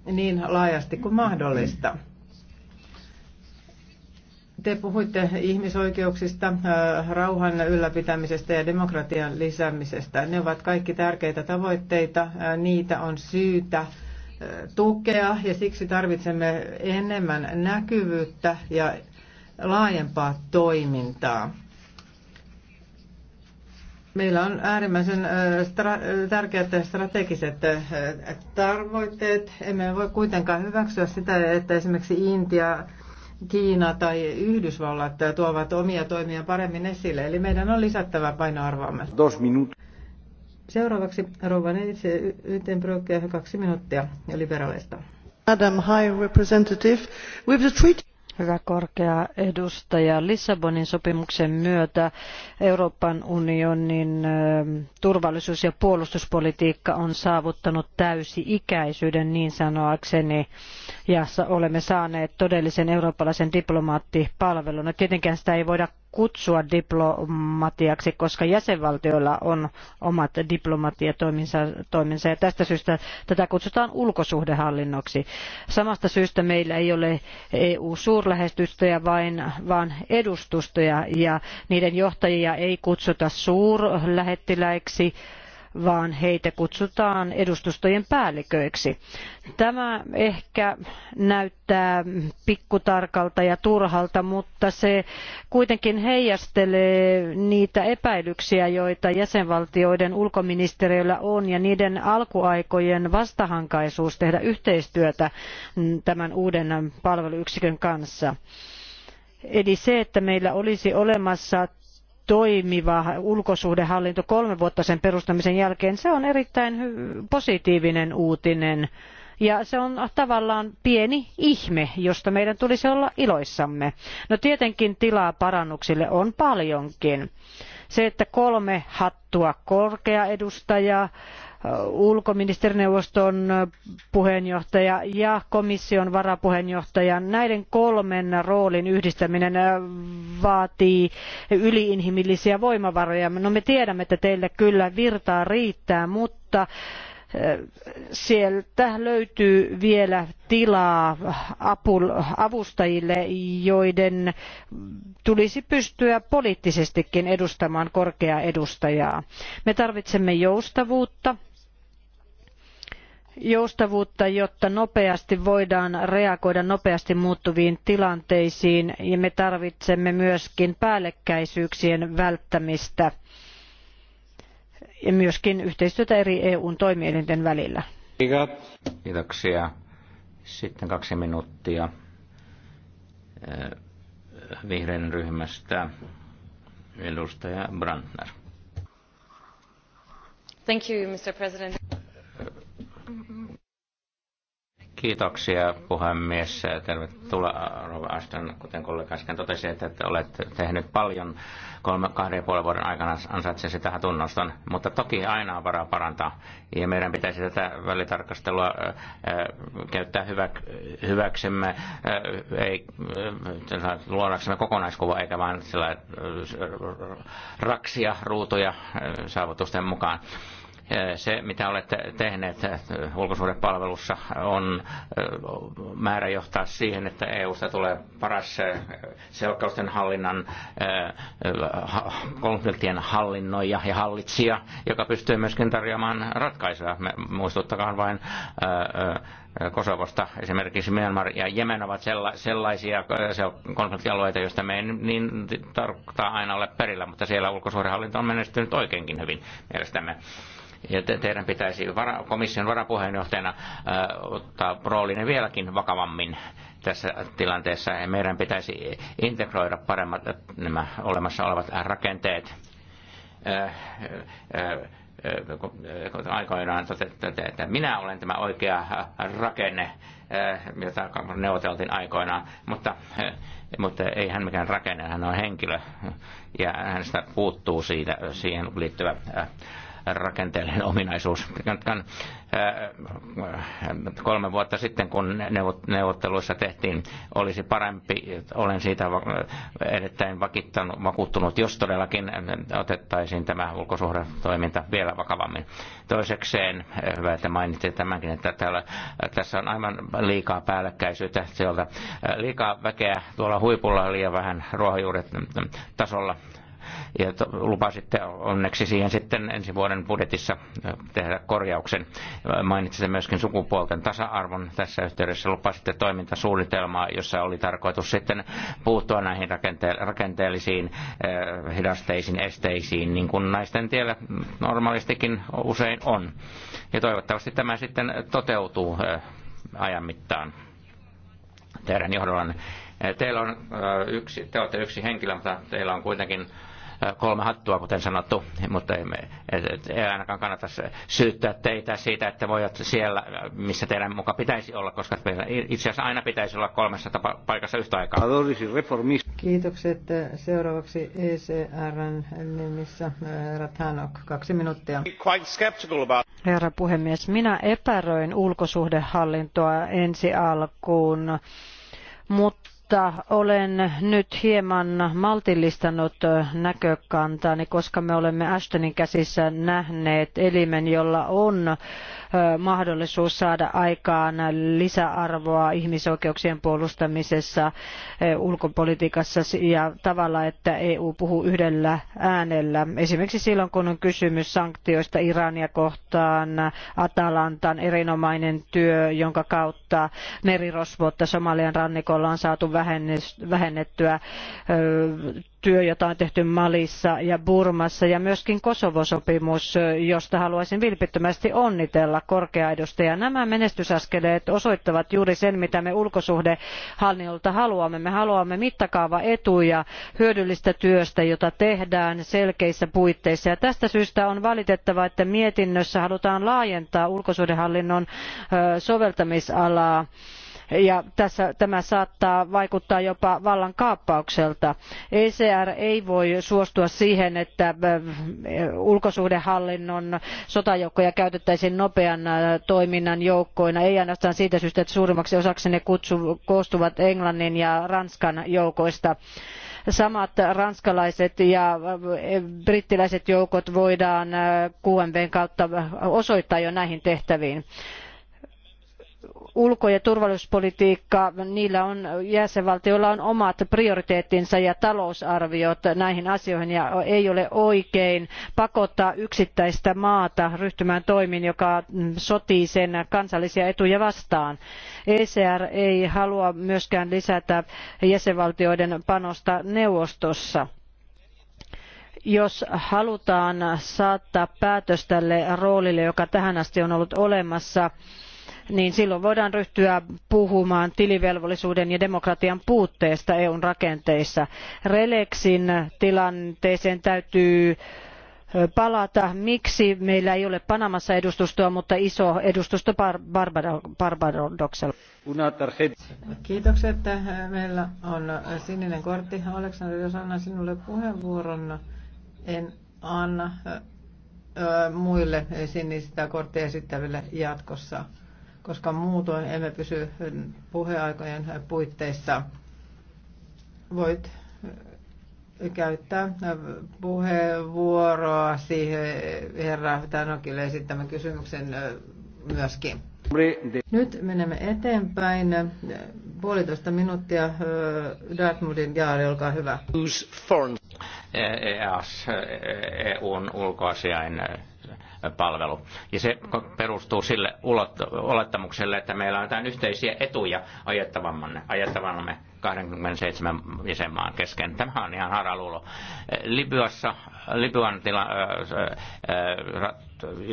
niin laajasti kuin mahdollista. Te puhuitte ihmisoikeuksista, äh, rauhan ylläpitämisestä ja demokratian lisäämisestä. Ne ovat kaikki tärkeitä tavoitteita. Äh, niitä on syytä äh, tukea ja siksi tarvitsemme enemmän näkyvyyttä ja laajempaa toimintaa. Meillä on äärimmäisen tärkeät strategiset tavoitteet. Emme voi kuitenkaan hyväksyä sitä, että esimerkiksi Intia Kiina tai Yhdysvallat tuovat omia toimia paremmin esille, eli meidän on lisättävä painoarvoamme. Dos minuut. Seuraavaksi rouva Neitse Ytenbrück, kaksi minuuttia liberaaleista. Madam High Representative, with the treaty... Hyvä korkea edustaja, Lissabonin sopimuksen myötä Euroopan unionin ähm, turvallisuus- ja puolustuspolitiikka on saavuttanut täysi-ikäisyyden niin sanoakseni ja olemme saaneet todellisen eurooppalaisen diplomaattipalvelun. No, tietenkään sitä ei voida kutsua diplomatiaksi, koska jäsenvaltioilla on omat diplomatiatoiminsa ja tästä syystä tätä kutsutaan ulkosuhdehallinnoksi. Samasta syystä meillä ei ole EU-suurlähestystä, vain, vaan edustustoja ja niiden johtajia ei kutsuta suurlähettiläiksi, vaan heitä kutsutaan edustustojen päälliköiksi. Tämä ehkä näyttää pikkutarkalta ja turhalta, mutta se kuitenkin heijastelee niitä epäilyksiä, joita jäsenvaltioiden ulkoministeriöllä on ja niiden alkuaikojen vastahankaisuus tehdä yhteistyötä tämän uuden palveluyksikön kanssa. Eli se, että meillä olisi olemassa toimiva ulkosuhdehallinto kolme vuotta sen perustamisen jälkeen, se on erittäin positiivinen uutinen. Ja se on tavallaan pieni ihme, josta meidän tulisi olla iloissamme. No tietenkin tilaa parannuksille on paljonkin. Se, että kolme hattua korkea edustajaa, ulkoministerineuvoston puheenjohtaja ja komission varapuheenjohtaja. Näiden kolmen roolin yhdistäminen äh, vaatii yliinhimillisiä voimavaroja. No me tiedämme, että teillä kyllä virtaa riittää, mutta äh, sieltä löytyy vielä tilaa avustajille, joiden tulisi pystyä poliittisestikin edustamaan korkeaa edustajaa. Me tarvitsemme joustavuutta joustavuutta, jotta nopeasti voidaan reagoida nopeasti muuttuviin tilanteisiin ja me tarvitsemme myöskin päällekkäisyyksien välttämistä ja myöskin yhteistyötä eri EUn toimielinten välillä. Kiitoksia. Sitten kaksi minuuttia eh, vihreän ryhmästä edustaja Brandner. Thank you, Mr. President. Kiitoksia puhemies. Tervetuloa Rova Aston, kuten kollega äsken totesi, että olet tehnyt paljon kolme, kahden ja puolen vuoden aikana ansaitsen sitä tunnustan, mutta toki aina on varaa parantaa. Ja meidän pitäisi tätä välitarkastelua ää, käyttää hyvä, hyväksemme, ää, ei, ää, luodaksemme kokonaiskuva, eikä vain sillä ää, raksia, ruutuja ää, saavutusten mukaan se, mitä olette tehneet äh, ulkosuhdepalvelussa, on äh, määrä johtaa siihen, että EUsta tulee paras äh, selkkausten hallinnan, konfliktien hallinnoija ja hallitsija, joka pystyy myöskin tarjoamaan ratkaisuja. Me muistuttakaan vain Kosovosta, esimerkiksi Myanmar ja Jemen ovat sellaisia konfliktialueita, joista me ei niin tarkkaan aina ole perillä, mutta siellä ulkosuhdehallinto on menestynyt oikeinkin hyvin mielestämme ja te, teidän pitäisi vara, komission varapuheenjohtajana äh, ottaa roolinen vieläkin vakavammin tässä tilanteessa. Ja meidän pitäisi integroida paremmat äh, nämä olemassa olevat rakenteet. Äh, ää, äh, äh, aikoinaan että minä olen tämä oikea rakenne, jota neuvoteltiin aikoinaan, mutta, mutta ei hän mikään rakenne, hän on henkilö ja hänestä puuttuu siitä, siihen liittyvä rakenteellinen ominaisuus. Äh, kolme vuotta sitten, kun neuvotteluissa tehtiin, olisi parempi, olen siitä erittäin vakuuttunut, jos todellakin otettaisiin tämä ulkosuhdetoiminta vielä vakavammin. Toisekseen, äh, hyvä, että mainitsitte tämänkin, että täällä, tässä on aivan liikaa päällekkäisyyttä sieltä. Äh, liikaa väkeä tuolla huipulla, liian vähän ruohonjuuret tasolla ja lupasitte onneksi siihen sitten ensi vuoden budjetissa tehdä korjauksen. Mainitsitte myöskin sukupuolten tasa-arvon tässä yhteydessä. Lupasitte toimintasuunnitelmaa, jossa oli tarkoitus sitten puuttua näihin rakenteellisiin hidasteisiin, esteisiin, niin kuin naisten tiellä normaalistikin usein on. Ja toivottavasti tämä sitten toteutuu ajan mittaan teidän johdollanne. Teillä on yksi, te olette yksi henkilö, mutta teillä on kuitenkin kolme hattua, kuten sanottu, mutta ei, ei ainakaan kannata syyttää teitä siitä, että olla siellä, missä teidän mukaan pitäisi olla, koska itse asiassa aina pitäisi olla kolmessa tapa, paikassa yhtä aikaa. Kiitokset. Seuraavaksi ECRn nimissä Rathanok. Kaksi minuuttia. Herra puhemies, minä epäröin ulkosuhdehallintoa ensi alkuun, mutta mutta olen nyt hieman maltillistanut näkökantaani, koska me olemme Ashtonin käsissä nähneet elimen, jolla on mahdollisuus saada aikaan lisäarvoa ihmisoikeuksien puolustamisessa ulkopolitiikassa ja tavalla, että EU puhuu yhdellä äänellä. Esimerkiksi silloin, kun on kysymys sanktioista Irania kohtaan, Atalantan erinomainen työ, jonka kautta merirosvoutta Somalian rannikolla on saatu vähennettyä työ, jota on tehty Malissa ja Burmassa ja myöskin Kosovo-sopimus, josta haluaisin vilpittömästi onnitella korkeaedustaja. Nämä menestysaskeleet osoittavat juuri sen, mitä me ulkosuhdehallinnolta haluamme. Me haluamme mittakaava etuja hyödyllistä työstä, jota tehdään selkeissä puitteissa. Ja tästä syystä on valitettavaa, että mietinnössä halutaan laajentaa ulkosuhdehallinnon soveltamisalaa ja tässä, tämä saattaa vaikuttaa jopa vallankaappaukselta. ECR ei voi suostua siihen, että äh, ulkosuhdehallinnon sotajoukkoja käytettäisiin nopean äh, toiminnan joukkoina, ei ainoastaan siitä syystä, että suurimmaksi osaksi ne kutsu, koostuvat Englannin ja Ranskan joukoista samat ranskalaiset ja äh, brittiläiset joukot voidaan QMVn kautta osoittaa jo näihin tehtäviin ulko- ja turvallisuuspolitiikka, niillä on, jäsenvaltioilla on omat prioriteettinsa ja talousarviot näihin asioihin ja ei ole oikein pakottaa yksittäistä maata ryhtymään toimiin, joka sotii sen kansallisia etuja vastaan. ECR ei halua myöskään lisätä jäsenvaltioiden panosta neuvostossa jos halutaan saattaa päätös tälle roolille, joka tähän asti on ollut olemassa, niin silloin voidaan ryhtyä puhumaan tilivelvollisuuden ja demokratian puutteesta EUn rakenteissa. Relexin tilanteeseen täytyy palata miksi meillä ei ole panamassa edustustoa mutta iso edustusto barbadoksella. että Meillä on sininen kortti. Aleksandr, jos annan sinulle puheenvuoron, en anna muille sinistä kortteja esittäville jatkossa koska muutoin emme pysy puheaikojen puitteissa. Voit käyttää siihen herra Tanokille esittämän kysymyksen myöskin. Nyt menemme eteenpäin. Puolitoista minuuttia. Dartmoutin Jaari, olkaa hyvä. EUn ulkoasiain palvelu. Ja se perustuu sille olettamukselle, että meillä on jotain yhteisiä etuja ajettavamme 27 jäsenmaan kesken. Tämä on ihan haraluulo. Libyassa, Libyan tila, ää,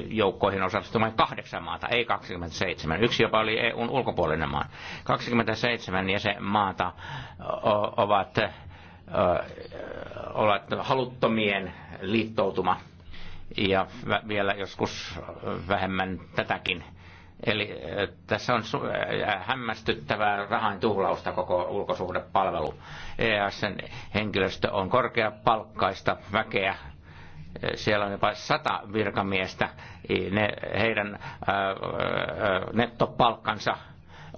joukkoihin osallistumaan kahdeksan maata, ei 27. Yksi jopa oli EUn ulkopuolinen maa. 27 jäsenmaata ovat, ovat haluttomien liittoutuma ja vielä joskus vähemmän tätäkin. Eli eh, tässä on eh, hämmästyttävää rahan tuhlausta koko ulkosuhdepalvelu. EASn henkilöstö on korkeapalkkaista väkeä. Eh, siellä on jopa sata virkamiestä. Ne, heidän ää, nettopalkkansa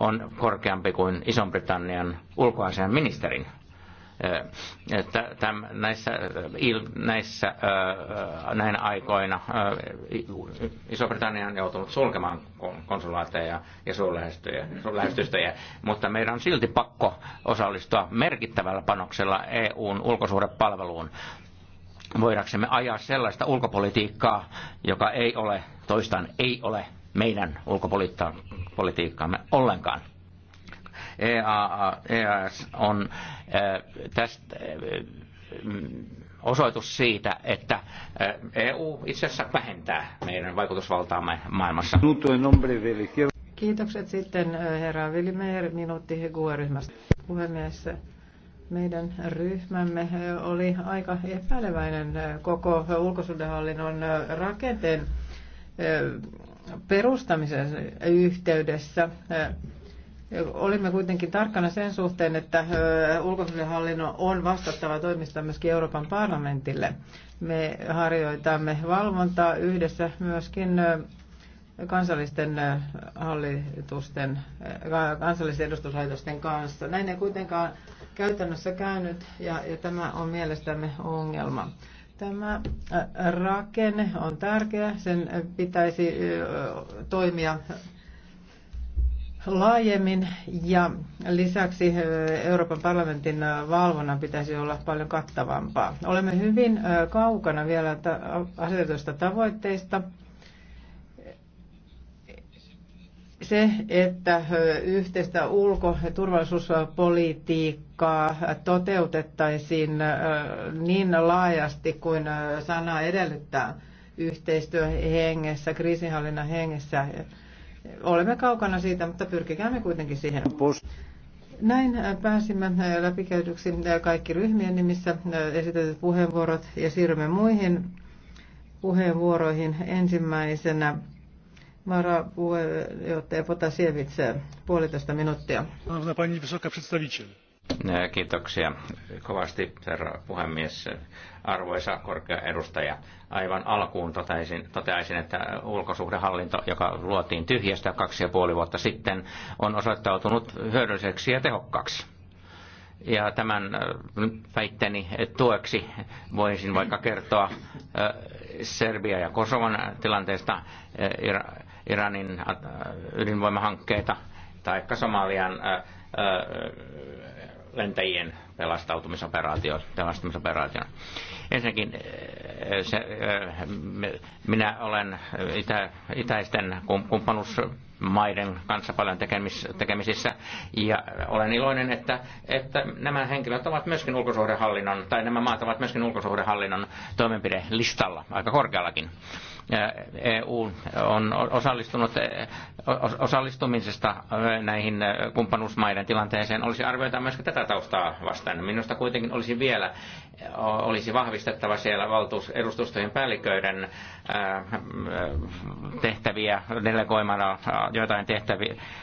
on korkeampi kuin Ison-Britannian ulkoasian ministerin näissä, näissä näinä aikoina Iso-Britannia on joutunut sulkemaan konsulaateja ja suurlähestystöjä, mutta meidän on silti pakko osallistua merkittävällä panoksella EUn ulkosuhdepalveluun voidaksemme ajaa sellaista ulkopolitiikkaa, joka ei ole, toistaan ei ole meidän ulkopolitiikkaamme ollenkaan. EAS e on tästä mm, osoitus siitä, että EU itse asiassa vähentää meidän vaikutusvaltaamme maailmassa. Kiitokset sitten herra Vilmeer, minuutti GUE-ryhmästä. Puhemies, meidän ryhmämme oli aika epäileväinen koko ulkosuhdehallinnon rakenteen perustamisen yhteydessä. Olimme kuitenkin tarkkana sen suhteen, että ulkosuhdehallinnon on vastattava toimista myöskin Euroopan parlamentille. Me harjoitamme valvontaa yhdessä myöskin kansallisten hallitusten, kansallisten edustuslaitosten kanssa. Näin ei kuitenkaan käytännössä käynyt ja, ja tämä on mielestämme ongelma. Tämä rakenne on tärkeä, sen pitäisi toimia laajemmin ja lisäksi eh, Euroopan parlamentin eh, valvonnan pitäisi olla paljon kattavampaa. Olemme hyvin eh, kaukana vielä asetetuista tavoitteista. Se, että yhteistä ulko- ja turvallisuuspolitiikkaa toteutettaisiin niin laajasti kuin sana edellyttää yhteistyöhengessä, kriisinhallinnan hengessä, hengessä Olemme kaukana siitä, mutta pyrkikäämme kuitenkin siihen. Näin pääsimme läpikäytyksi kaikki ryhmien nimissä esitetyt puheenvuorot ja siirrymme muihin puheenvuoroihin. Ensimmäisenä puheenjohtaja Potasiewicz, puolitoista minuuttia. Pani wysoka przedstawiciel. Äh, kiitoksia kovasti, herra puhemies. Arvoisa korkea edustaja, aivan alkuun toteaisin, toteaisin, että ulkosuhdehallinto, joka luotiin tyhjästä kaksi ja puoli vuotta sitten, on osoittautunut hyödylliseksi ja tehokkaaksi. Ja tämän äh, väitteeni tueksi voisin vaikka kertoa äh, Serbia ja Kosovan tilanteesta, Iranin ydinvoimahankkeita, taikka Somalian lentäjien pelastautumisoperaatio, pelastamisoperaation. Ensinnäkin eh, se, eh, minä olen itä, itäisten kumppanuusmaiden kanssa paljon tekemis, tekemisissä ja olen iloinen, että, että nämä henkilöt ovat myöskin ulkosuhdehallinnon, tai nämä maat ovat myöskin ulkosuhdehallinnon toimenpidelistalla, aika korkeallakin. EU on osallistunut e-, osallistumisesta näihin kumppanuusmaiden tilanteeseen olisi arvioita myös tätä taustaa vastaan. Minusta kuitenkin olisi vielä olisi vahvistettava siellä valtuus edustustojen päälliköiden tehtäviä delegoimalla joitain tehtäviä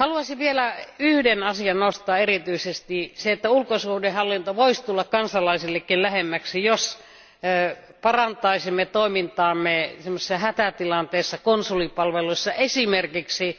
haluaisin vielä yhden asian nostaa erityisesti sen että ulkosuhdehallinto voisi tulla kansalaisillekin lähemmäksi jos parantaisimme toimintaamme hätätilanteissa konsulipalveluissa esimerkiksi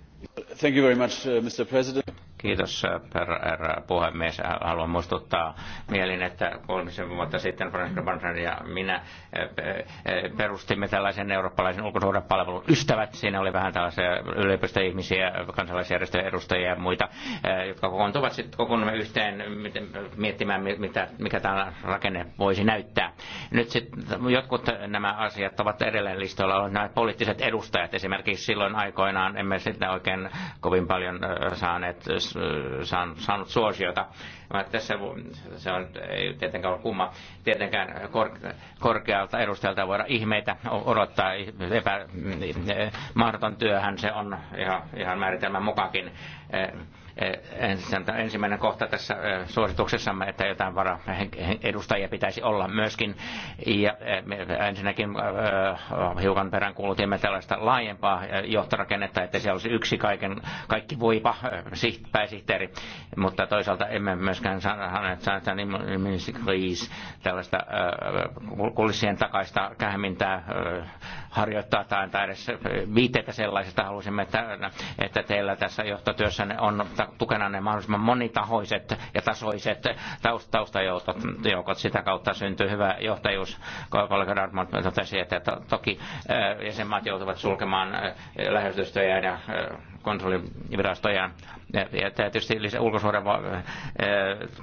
Thank you very much, uh, Mr. President. Kiitos, äh, herra puhemies. Äh, haluan muistuttaa mielin, että kolmisen vuotta sitten Francisco Banzer ja minä äh, perustimme tällaisen eurooppalaisen ulkosuhdepalvelun ystävät. Siinä oli vähän tällaisia yliopistoihmisiä, kansalaisjärjestöjen edustajia ja muita, jotka kokoontuvat sitten kokoonnumme yhteen miettimään, mitä, mikä tämä rakenne voisi näyttää. Nyt sitten jotkut nämä asiat ovat edelleen listoilla. Nämä poliittiset edustajat esimerkiksi silloin aikoinaan emme sitten oikein kovin paljon saaneet Äh, saanut suosiota. Tässä se on ei tietenkään ole kumma. Tietenkään kor, korkealta edustajalta voida ihmeitä odottaa. Epä, mm, eh, mahdoton työhän se on ihan, ihan määritelmän mukakin äh, Eh, ensimmäinen kohta tässä eh, suosituksessamme, että jotain vara edustajia pitäisi olla myöskin. Ja eh, ensinnäkin hiukan perään kuulutimme tällaista laajempaa johtorakennetta, että siellä olisi yksi kaiken, kaikki voipa pääsihteeri, mutta toisaalta emme myöskään saaneet sanoa kriis tällaista kulissien takaista kähmintää harjoittaa tai edes viitteitä sellaisesta halusimme, että, että teillä tässä johtotyössä on tukena ne mahdollisimman monitahoiset ja tasoiset taust, taustajoukot. Sitä kautta syntyy hyvä johtajuus. Kollega Dartmouth totesi, että toki äh, jäsenmaat joutuvat sulkemaan äh, lähestystöjä ja äh, konsulivirastoja. Ja tietysti lisä, ulkosuuden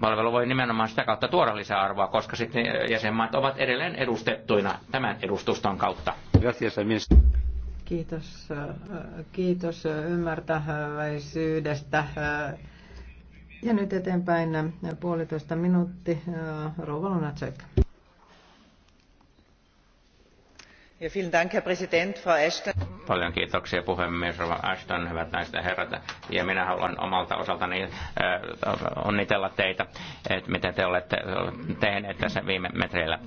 palvelu voi nimenomaan sitä kautta tuoda lisäarvoa, koska sitten jäsenmaat ovat edelleen edustettuina tämän edustuston kautta. Gracias, Kiitos, kiitos ymmärtäväisyydestä. Ja nyt eteenpäin puolitoista minuutti. Rouva Lunacek. Paljon kiitoksia puhemies Rova Ashton, hyvät naiset ja herrat. Ja minä haluan omalta osaltani äh, onnitella teitä, että mitä te olette äh, tehneet tässä viime metreillä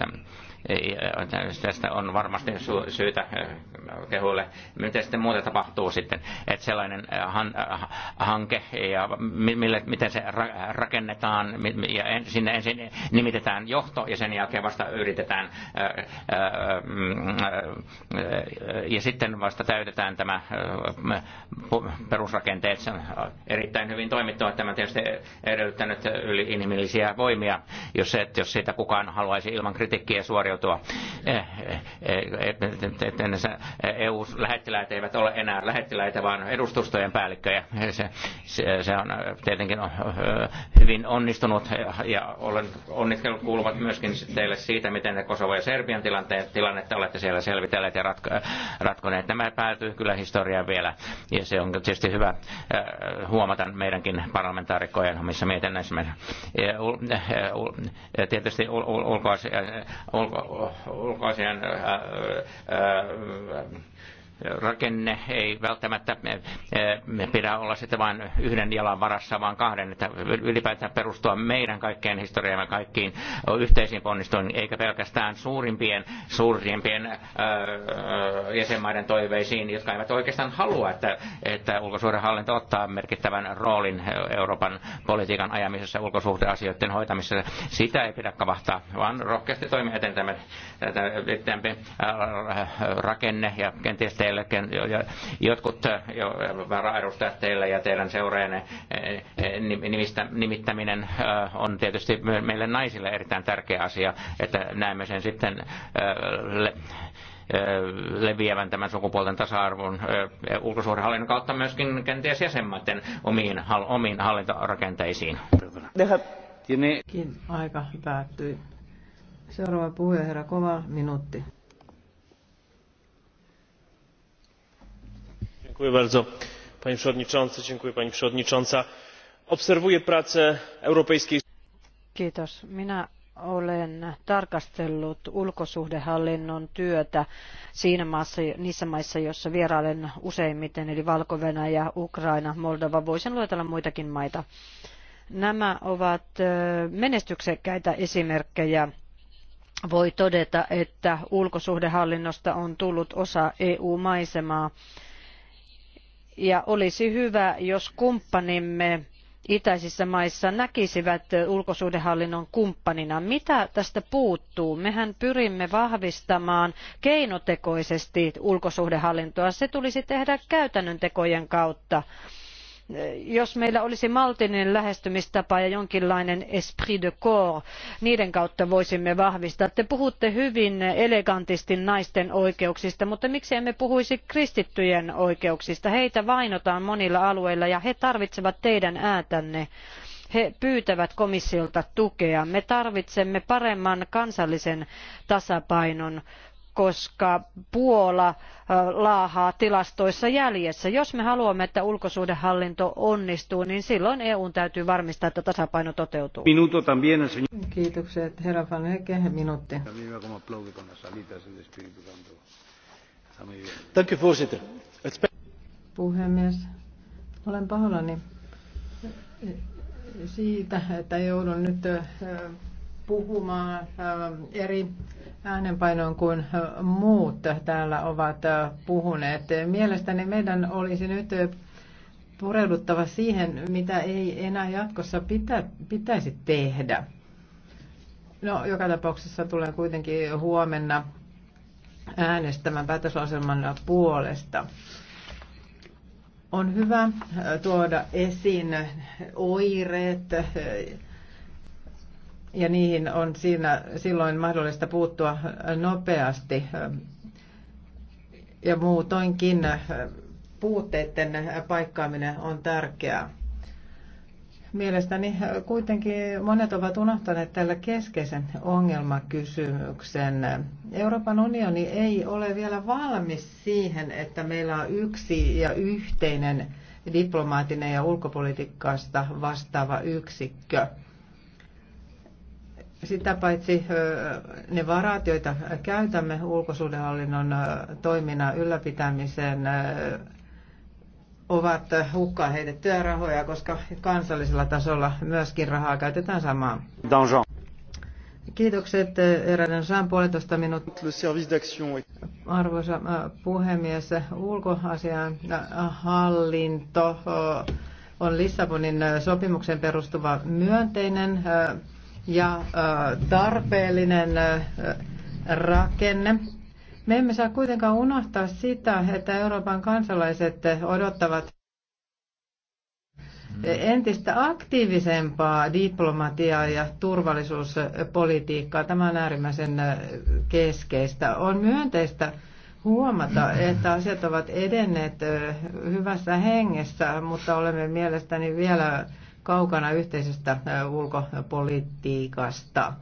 Tästä on varmasti syytä eh, kehulle. Miten sitten muuta tapahtuu sitten, että sellainen eh, han, eh, hanke ja mille, miten se rakennetaan ja sinne ensin nimitetään johto ja sen jälkeen vasta yritetään mm, ja sitten vasta täytetään tämä perusrakenteet. Se on erittäin hyvin toimittu, että tämä tietysti edellyttänyt yli inhimillisiä voimia, jos, et, jos siitä kukaan haluaisi ilman kritiikkiä suoria Eh, eh, et, EU-lähettiläät e eivät ole enää lähettiläitä, vaan edustustojen päällikköjä. Se, se, se on eh, tietenkin hyvin onnistunut ja olen onnittelut kuuluvat myöskin teille siitä, miten ne Kosovo ja Serbian tilanteet tilannetta olette siellä selvitelleet ja ratko, ratkoneet. Nämä päätyy kyllä historiaan vielä ja se on tietysti hyvä huomata meidänkin parlamentaarikkojen omissa mietinnäissä. Tietysti ulkoasia, ulko, ulkoisen rakenne ei välttämättä pidä olla sitten vain yhden jalan varassa, vaan kahden, että ylipäätään perustua meidän kaikkeen historiaan kaikkiin yhteisiin ponnistuin, eikä pelkästään suurimpien, suurimpien jäsenmaiden toiveisiin, jotka eivät oikeastaan halua, että, että ulkosuuden hallinto ottaa merkittävän roolin Euroopan politiikan ajamisessa ja ulkosuhdeasioiden hoitamisessa. Sitä ei pidä kavahtaa, vaan rohkeasti toimia eteenpäin rakenne ja kenties teille, jotkut äh, edustajat teillä ja teidän seuraajanne äh, äh, nimittäminen on tietysti meille naisille erittäin tärkeä asia, että näemme sen sitten leviävän tämän sukupuolten tasa-arvon ulkosuhdehallinnon kautta myöskin kenties jäsenmaiden omiin, omiin hallintorakenteisiin. Aika päättyi. Seuraava puhuja, herra Kova, minuutti. pani przewodnicząca! obserwuję pracę europejskiej. minä olen tarkastellut ulkosuhdehallinnon työtä niissä maissa, joissa vierailen useimmiten, eli valko venäjä Ukraina, Moldova, voisin luetella muitakin maita. Nämä ovat menestyksekkäitä esimerkkejä voi todeta, että ulkosuhdehallinnosta on tullut osa EU-maisemaa ja olisi hyvä, jos kumppanimme itäisissä maissa näkisivät ulkosuhdehallinnon kumppanina. Mitä tästä puuttuu? Mehän pyrimme vahvistamaan keinotekoisesti ulkosuhdehallintoa. Se tulisi tehdä käytännön tekojen kautta jos meillä olisi maltillinen lähestymistapa ja jonkinlainen esprit de corps, niiden kautta voisimme vahvistaa. Te puhutte hyvin elegantisti naisten oikeuksista, mutta miksi emme puhuisi kristittyjen oikeuksista? Heitä vainotaan monilla alueilla ja he tarvitsevat teidän äätänne he pyytävät komissiolta tukea. Me tarvitsemme paremman kansallisen tasapainon koska Puola laahaa tilastoissa jäljessä. Jos me haluamme, että ulkosuhdehallinto onnistuu, niin silloin EUn täytyy varmistaa, että tasapaino toteutuu. Minuto también, señor. Kiitokset, herra Van Heke, minuutti. Puhemies, olen pahoillani siitä, että joudun nyt puhumaan ähm, eri äänenpainoon kuin äh, muut täällä ovat äh, puhuneet. Mielestäni meidän olisi nyt äh, pureuduttava siihen, mitä ei enää jatkossa pitä, pitäisi tehdä. No, joka tapauksessa tulee kuitenkin huomenna äänestämään päätöslauselman puolesta. On hyvä tuoda esiin oireet ja niihin on siinä silloin mahdollista puuttua nopeasti. Ja muutoinkin puutteiden paikkaaminen on tärkeää. Mielestäni kuitenkin monet ovat unohtaneet tällä keskeisen ongelmakysymyksen. Euroopan unioni ei ole vielä valmis siihen, että meillä on yksi ja yhteinen diplomaattinen ja ulkopolitiikasta vastaava yksikkö – sitä paitsi ne varat, joita käytämme ulkosuhdehallinnon toiminnan ylläpitämiseen, ovat hukkaa heitettyjä rahoja, koska kansallisella tasolla myöskin rahaa käytetään samaan. Dangean. Kiitokset eräiden saan puolitoista minuuttia. Arvoisa puhemies, ulkoasian hallinto on Lissabonin sopimuksen perustuva myönteinen ja tarpeellinen rakenne. Me emme saa kuitenkaan unohtaa sitä, että Euroopan kansalaiset odottavat entistä aktiivisempaa diplomatiaa ja turvallisuuspolitiikkaa. Tämä on äärimmäisen keskeistä. On myönteistä huomata, että asiat ovat edenneet hyvässä hengessä, mutta olemme mielestäni vielä kaukana yhteisestä ulkopolitiikasta.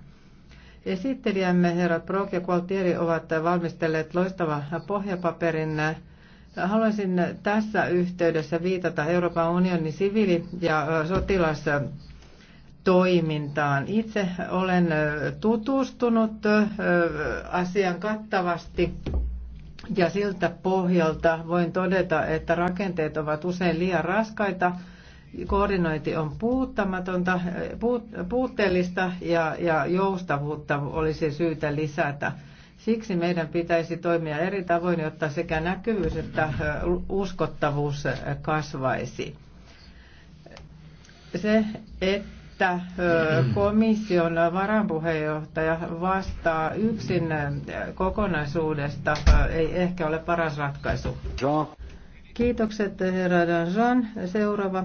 Esittelijämme herrat Brock ja Qualtieri ovat valmistelleet loistavan pohjapaperin. Haluaisin tässä yhteydessä viitata Euroopan unionin siviili- ja toimintaan. Itse olen tutustunut asian kattavasti ja siltä pohjalta voin todeta, että rakenteet ovat usein liian raskaita – koordinointi on puuttamatonta, puutteellista ja, ja joustavuutta olisi syytä lisätä. Siksi meidän pitäisi toimia eri tavoin, jotta sekä näkyvyys että uskottavuus kasvaisi. Se, että komission varanpuheenjohtaja vastaa yksin kokonaisuudesta, ei ehkä ole paras ratkaisu. Joo. Kiitokset herra Danjan. Seuraava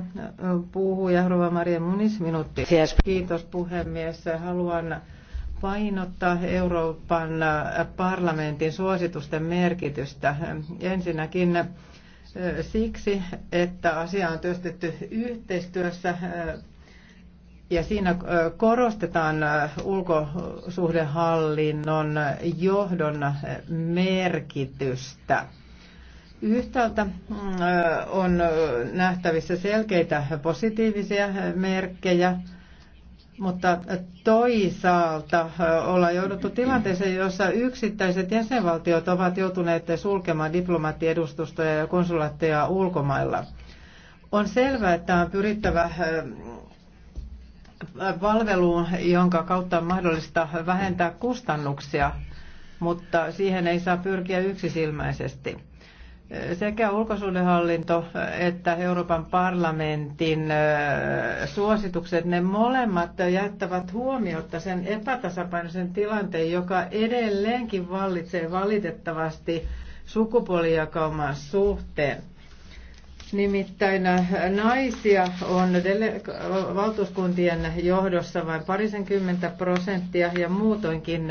puhuja, Rova Maria Munis, minuutti. Kiitos puhemies. Haluan painottaa Euroopan parlamentin suositusten merkitystä. Ensinnäkin siksi, että asia on työstetty yhteistyössä ja siinä korostetaan ulkosuhdehallinnon johdon merkitystä. Yhtäältä äh, on äh, nähtävissä selkeitä positiivisia äh, merkkejä, mutta toisaalta ollaan jouduttu tilanteeseen, jossa yksittäiset jäsenvaltiot ovat joutuneet sulkemaan diplomaattiedustustoja ja konsulatteja ulkomailla. On selvää, että on pyrittävä palveluun, jonka kautta on mahdollista vähentää kustannuksia, mutta siihen ei saa pyrkiä yksisilmäisesti sekä ulkosuudenhallinto että Euroopan parlamentin suositukset, ne molemmat jättävät huomiota sen epätasapainoisen tilanteen, joka edelleenkin vallitsee valitettavasti sukupuolijakauman suhteen. Nimittäin naisia on valtuuskuntien johdossa vain parisenkymmentä prosenttia ja muutoinkin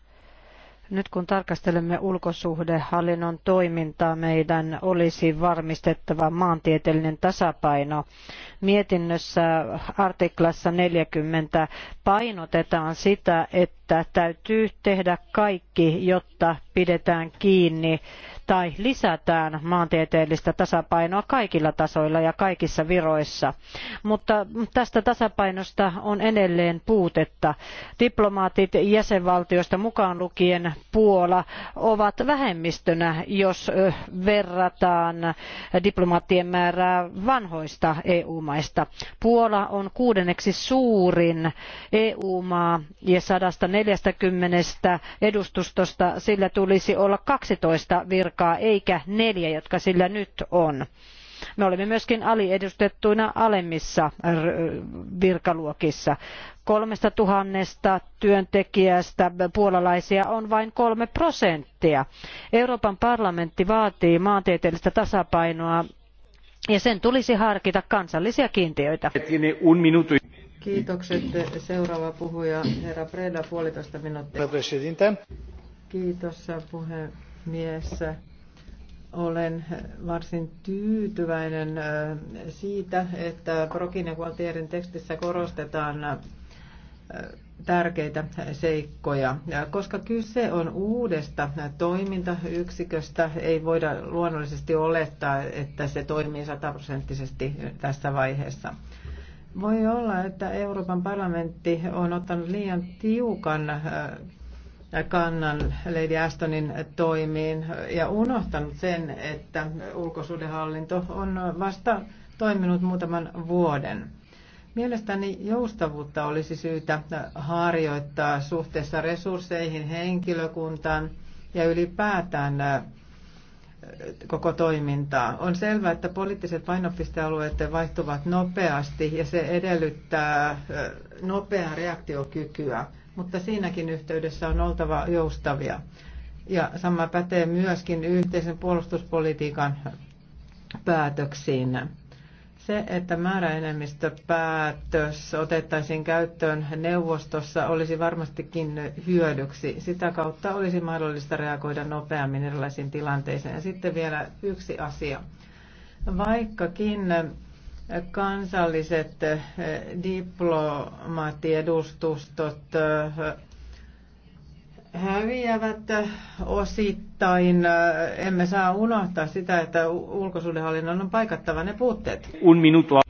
nyt kun tarkastelemme ulkosuhdehallinnon toimintaa, meidän olisi varmistettava maantieteellinen tasapaino. Mietinnössä artiklassa 40 painotetaan sitä, että että täytyy tehdä kaikki, jotta pidetään kiinni tai lisätään maantieteellistä tasapainoa kaikilla tasoilla ja kaikissa viroissa. Mutta tästä tasapainosta on edelleen puutetta. Diplomaatit jäsenvaltioista mukaan lukien Puola ovat vähemmistönä, jos verrataan diplomaattien määrää vanhoista EU-maista. Puola on kuudenneksi suurin EU-maa ja 104 neljäkymmentä edustustosta sillä tulisi olla kaksitoista virkaa eikä neljä jotka sillä nyt on. Me olemme myöskin aliedustettuina alemmissa virkaluokissa. Kolmesta tuhannesta työntekijästä puolalaisia on vain kolme prosenttia. Euroopan parlamentti vaatii maantieteellistä tasapainoa ja sen tulisi harkita kansallisia kiintiöitä. Kiitokset. Seuraava puhuja, herra Preda, puolitoista minuuttia. Kiitos puhemies. Olen varsin tyytyväinen äh, siitä, että Prokin ja Gualtierin tekstissä korostetaan äh, tärkeitä seikkoja. Koska kyse on uudesta toimintayksiköstä, ei voida luonnollisesti olettaa, että se toimii sataprosenttisesti tässä vaiheessa. Voi olla, että Euroopan parlamentti on ottanut liian tiukan äh, kannan Lady Astonin toimiin ja unohtanut sen, että ulkosuudenhallinto on vasta toiminut muutaman vuoden. Mielestäni joustavuutta olisi syytä äh, harjoittaa suhteessa resursseihin, henkilökuntaan ja ylipäätään äh, koko toimintaa. On selvää, että poliittiset painopistealueet vaihtuvat nopeasti ja se edellyttää nopeaa reaktiokykyä, mutta siinäkin yhteydessä on oltava joustavia. Ja sama pätee myöskin yhteisen puolustuspolitiikan päätöksiin. Se, että määräenemmistöpäätös otettaisiin käyttöön neuvostossa, olisi varmastikin hyödyksi. Sitä kautta olisi mahdollista reagoida nopeammin erilaisiin tilanteisiin. Ja sitten vielä yksi asia. Vaikkakin kansalliset eh, diplomaattiedustustot eh, häviävät osittain. Emme saa unohtaa sitä, että ulkosuudenhallinnon on paikattava ne puutteet. Un minuto.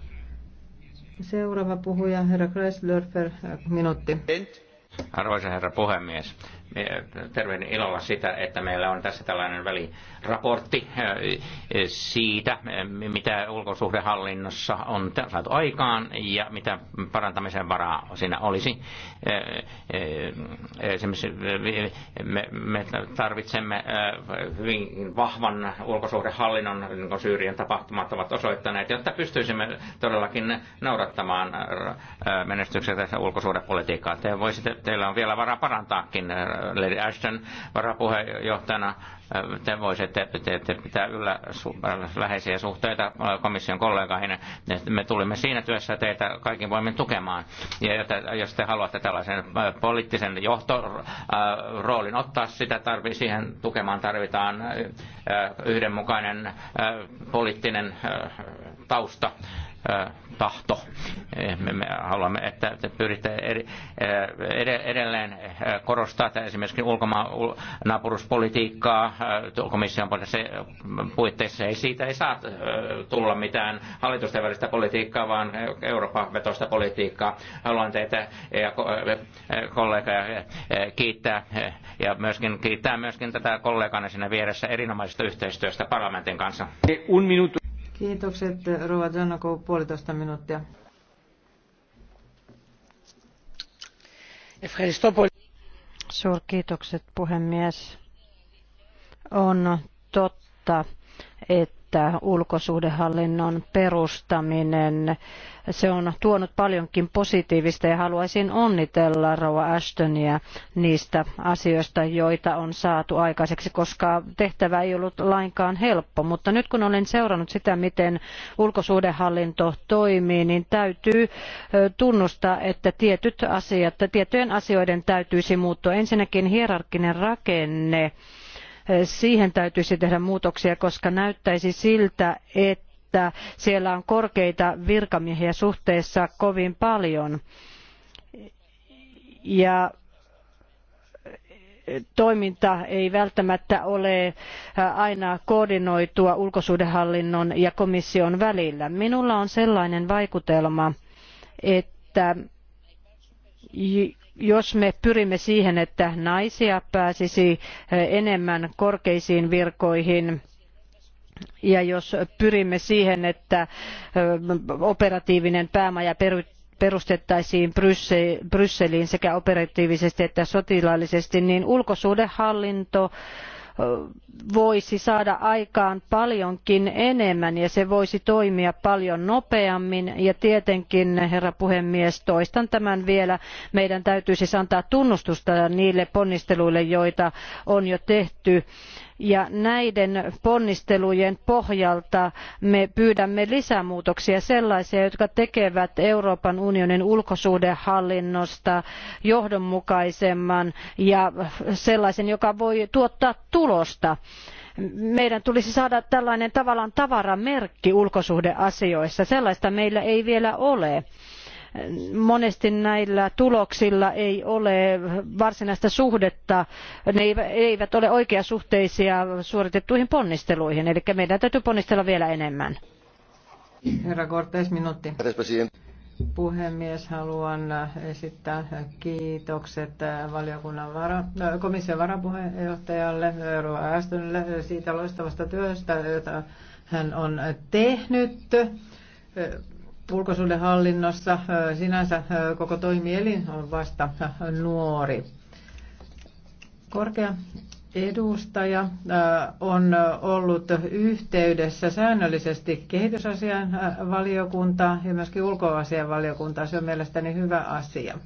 Seuraava puhuja, herra Kreislörfer, minuutti. Arvoisa herra puhemies, tervehdin ilolla sitä, että meillä on tässä tällainen väli raportti äh, siitä, mitä ulkosuhdehallinnossa on saatu aikaan ja mitä parantamisen varaa siinä olisi. Äh, äh, esimerkiksi me tarvitsemme hyvin vahvan ulkosuhdehallinnon, niin kuin Syyrien tapahtumat ovat osoittaneet, jotta pystyisimme todellakin noudattamaan menestyksiä tässä ulkosuhdepolitiikkaa. Te voisitte, teillä on vielä varaa parantaakin, Lady Ashton varapuheenjohtajana, te voisitte te, te, te pitää yllä su, äh, läheisiä suhteita äh, komission kollegaihin. Me tulimme siinä työssä teitä kaikin voimin tukemaan. Ja jos te haluatte tällaisen äh, poliittisen johtoroolin ottaa sitä, tarvii, siihen tukemaan tarvitaan yhdenmukainen poliittinen tausta tahto. Me haluamme, että pyritte edelleen korostaa että esimerkiksi ulkomaan naapuruspolitiikkaa komission puitteissa. Ei siitä ei saa tulla mitään hallitusten välistä politiikkaa, vaan Euroopan vetosta politiikkaa. Haluan teitä ja kollegoja kiittää ja myöskin kiittää myöskin tätä kollegaanne siinä vieressä erinomaisesta yhteistyöstä parlamentin kanssa. Un minuto. Kiitokset, Rova Jannako, puolitoista minuuttia. Suurkiitokset puhemies. On totta, että että ulkosuhdehallinnon perustaminen se on tuonut paljonkin positiivista ja haluaisin onnitella Rova Ashtonia niistä asioista, joita on saatu aikaiseksi, koska tehtävä ei ollut lainkaan helppo. Mutta nyt kun olen seurannut sitä, miten ulkosuhdehallinto toimii, niin täytyy tunnustaa, että tietyt asiat, tiettyjen asioiden täytyisi muuttua. Ensinnäkin hierarkkinen rakenne Siihen täytyisi tehdä muutoksia, koska näyttäisi siltä, että siellä on korkeita virkamiehiä suhteessa kovin paljon. Ja toiminta ei välttämättä ole aina koordinoitua ulkosuhdehallinnon ja komission välillä. Minulla on sellainen vaikutelma, että jos me pyrimme siihen, että naisia pääsisi eh, enemmän korkeisiin virkoihin, ja jos pyrimme siihen, että eh, operatiivinen päämaja perustettaisiin Brysseliin sekä operatiivisesti että sotilaallisesti, niin ulkosuhdehallinto voisi saada aikaan paljonkin enemmän ja se voisi toimia paljon nopeammin ja tietenkin herra puhemies toistan tämän vielä meidän täytyy siis antaa tunnustusta niille ponnisteluille joita on jo tehty ja näiden ponnistelujen pohjalta me pyydämme lisämuutoksia sellaisia jotka tekevät euroopan unionin ulkosuhdehallinnosta johdonmukaisemman ja sellaisen joka voi tuottaa tulosta meidän tulisi saada tällainen tavallaan tavaramerkki ulkosuhdeasioissa sellaista meillä ei vielä ole. Monesti näillä tuloksilla ei ole varsinaista suhdetta, ne eivät ole oikeasuhteisia suoritettuihin ponnisteluihin, eli meidän täytyy ponnistella vielä enemmän. Herra Cortes, minuutti. Puhemies, haluan esittää kiitokset valiokunnan vara, komission varapuheenjohtajalle Rova Astonille siitä loistavasta työstä, jota hän on tehnyt hallinnossa sinänsä koko toimielin on vasta nuori. Korkea edustaja on ollut yhteydessä säännöllisesti kehitysasian valiokuntaa ja myöskin ulkoasian valiokuntaa. Se on mielestäni hyvä asia.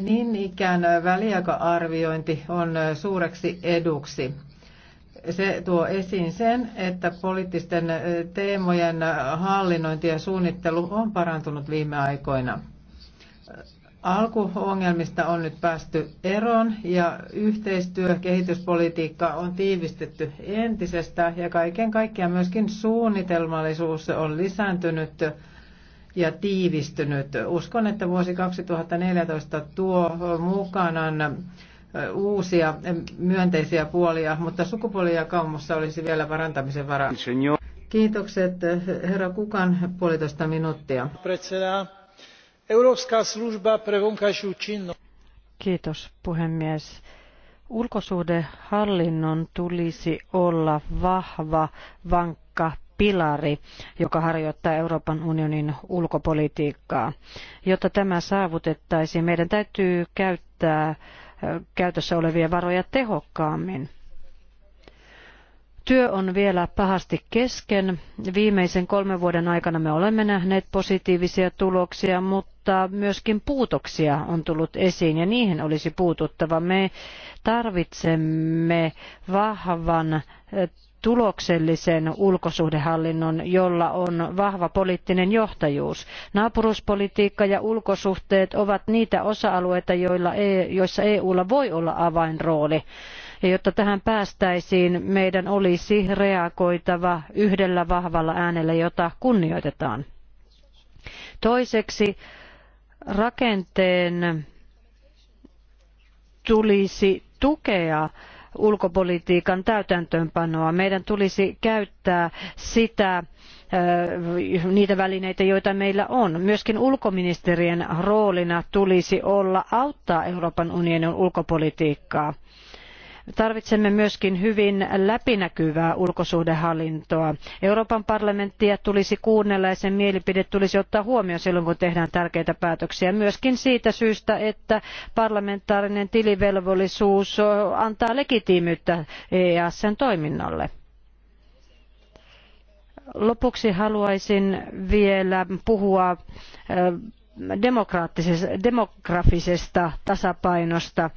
Niin ikään väliaikaarviointi on suureksi eduksi se tuo esiin sen, että poliittisten teemojen hallinnointi ja suunnittelu on parantunut viime aikoina. Alkuongelmista on nyt päästy eroon ja yhteistyö, kehityspolitiikka on tiivistetty entisestä ja kaiken kaikkiaan myöskin suunnitelmallisuus on lisääntynyt ja tiivistynyt. Uskon, että vuosi 2014 tuo mukanaan uusia myönteisiä puolia, mutta sukupuolijakaumossa olisi vielä parantamisen varaa. Kiitokset, herra Kukan, puolitoista minuuttia. Kiitos, puhemies. Ulkosuhdehallinnon tulisi olla vahva, vankka pilari, joka harjoittaa Euroopan unionin ulkopolitiikkaa. Jotta tämä saavutettaisiin, meidän täytyy käyttää käytössä olevia varoja tehokkaammin. Työ on vielä pahasti kesken. Viimeisen kolmen vuoden aikana me olemme nähneet positiivisia tuloksia, mutta myöskin puutoksia on tullut esiin ja niihin olisi puututtava. Me tarvitsemme vahvan eh, tuloksellisen ulkosuhdehallinnon, jolla on vahva poliittinen johtajuus. Naapuruspolitiikka ja ulkosuhteet ovat niitä osa-alueita, joilla, e, joissa EUlla voi olla avainrooli. Ja jotta tähän päästäisiin, meidän olisi reagoitava yhdellä vahvalla äänellä, jota kunnioitetaan. Toiseksi rakenteen tulisi tukea ulkopolitiikan täytäntöönpanoa. Meidän tulisi käyttää sitä, niitä välineitä, joita meillä on. Myöskin ulkoministerien roolina tulisi olla auttaa Euroopan unionin ulkopolitiikkaa. Tarvitsemme myöskin hyvin läpinäkyvää ulkosuhdehallintoa. Euroopan parlamenttia tulisi kuunnella ja sen mielipide tulisi ottaa huomioon silloin, kun tehdään tärkeitä päätöksiä. Myöskin siitä syystä, että parlamentaarinen tilivelvollisuus antaa legitiimyyttä EASn toiminnalle. Lopuksi haluaisin vielä puhua demografisesta tasapainosta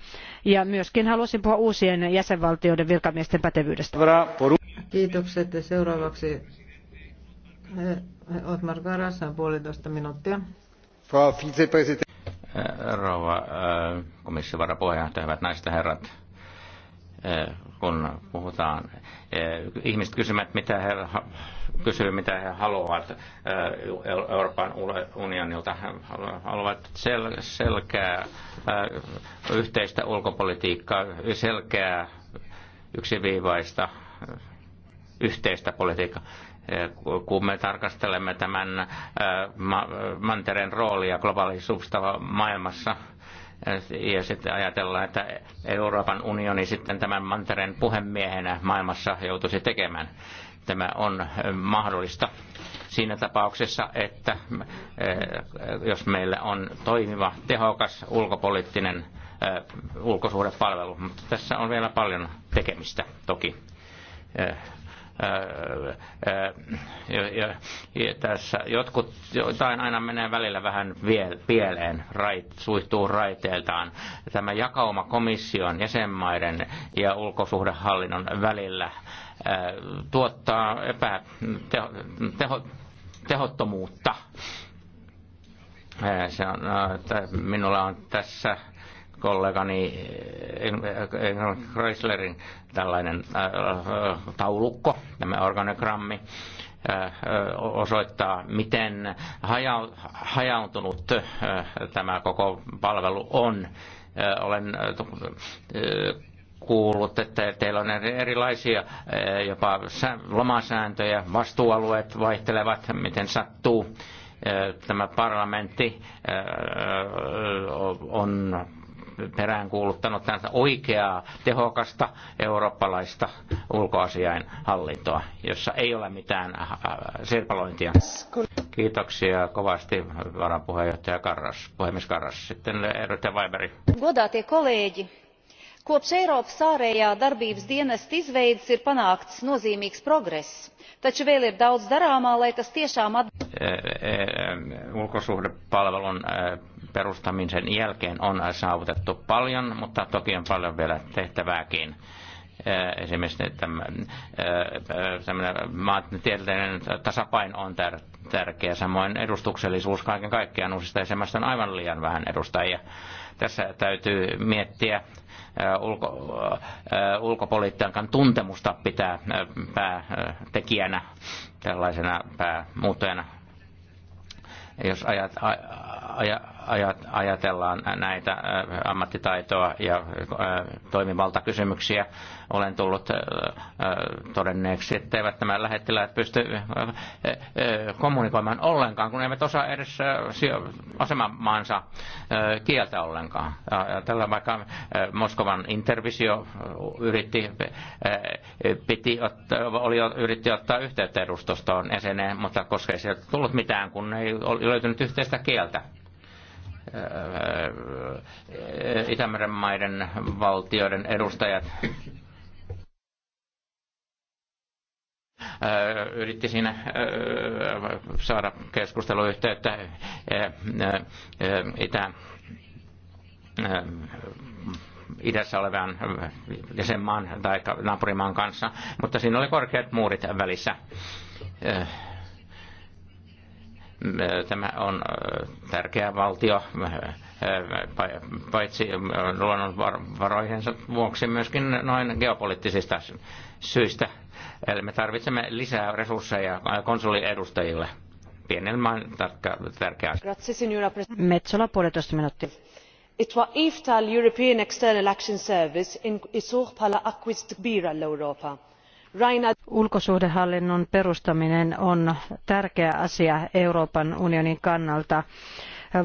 ja myöskin haluaisin puhua uusien jäsenvaltioiden virkamiesten pätevyydestä. Kiitokset. Seuraavaksi eh, Otmar Karassan puolitoista minuuttia. Eh, rouva eh, komission varapuheenjohtaja, hyvät naiset ja herrat Eh, kun puhutaan. Eh, ihmiset kysyvät, mitä he, kysyy, mitä he haluavat eh, Euroopan unionilta. Haluavat sel, selkeää yhteistä ulkopolitiikkaa, selkeää yksiviivaista yhteistä politiikkaa kun me tarkastelemme tämän mantereen roolia globaalisuustava maailmassa, ja sitten ajatellaan, että Euroopan unioni sitten tämän mantereen puhemiehenä maailmassa joutuisi tekemään. Tämä on eh, mahdollista siinä tapauksessa, että eh, jos meillä on toimiva, tehokas ulkopoliittinen eh, ulkosuhdepalvelu. Mutta tässä on vielä paljon tekemistä toki ja, ja tässä jotkut, jotain aina menee välillä vähän viel, pieleen, rait, suihtuu raiteeltaan. Tämä jakauma komission, jäsenmaiden ja ulkosuhdehallinnon välillä ää, tuottaa epätehottomuutta. Epäteho, se on, minulla on tässä kollegani eh, eh, Chryslerin tällainen äh, äh, taulukko, tämä organogrammi, äh, osoittaa, miten hajautunut tämä koko palvelu on. Olen kuullut, että teillä on erilaisia jopa lomasääntöjä, vastuualueet vaihtelevat, miten sattuu. Tämä parlamentti on peräänkuuluttanut tällaista oikeaa, tehokasta eurooppalaista ulkoasiain hallintoa, jossa ei ole mitään äh, äh, sirpalointia. Kiitoksia kovasti varapuheenjohtaja Karras, puhemies Karras. Sitten edustaja Weiberi. Godate kollegi kopš eiropas ārējā darbības dienesta izveides ir panākts nozīmīgs progress taču vēl ir daudz darāmā lai tas tiešām eh, eh, eh, perustamisen jälkeen on saavutettu paljon, mutta toki on paljon vielä tehtävääkin esimerkiksi tämmöinen maantieteellinen tasapaino on tär, tärkeä, samoin edustuksellisuus kaiken kaikkiaan uusista on aivan liian vähän edustajia. Tässä täytyy miettiä ulko, ulkopolitiikan tuntemusta pitää päätekijänä, tällaisena päämuuttajana jos ajat, ajatellaan näitä äh, ammattitaitoa ja äh, toimivaltakysymyksiä, olen tullut äh, todenneeksi, etteivät nämä lähettiläät pysty kommunikoimaan ollenkaan, kun eivät osaa edes asemamaansa kieltä ollenkaan. Tällä vaikka Moskovan Intervisio yritti, piti, oli, yritti ottaa yhteyttä edustustoon esineen, mutta koska ei sieltä tullut mitään, kun ei löytynyt yhteistä kieltä. Äh, äh, äh, Itämeren maiden valtioiden edustajat yritti siinä saada keskusteluyhteyttä itä, idässä olevan jäsenmaan tai naapurimaan kanssa, mutta siinä oli korkeat muurit välissä Tämä on tärkeä valtio paitsi luonnonvaroihinsa vuoksi myöskin noin geopoliittisista syistä. Eli me tarvitsemme lisää resursseja konsuliedustajille. Pienen maan tärkeä asia. Metsola puolitoista minuuttia it was qif european external action service in Isur Pala kbira Bira ewropa Ulkosuhdehallinnon perustaminen on tärkeä asia Euroopan unionin kannalta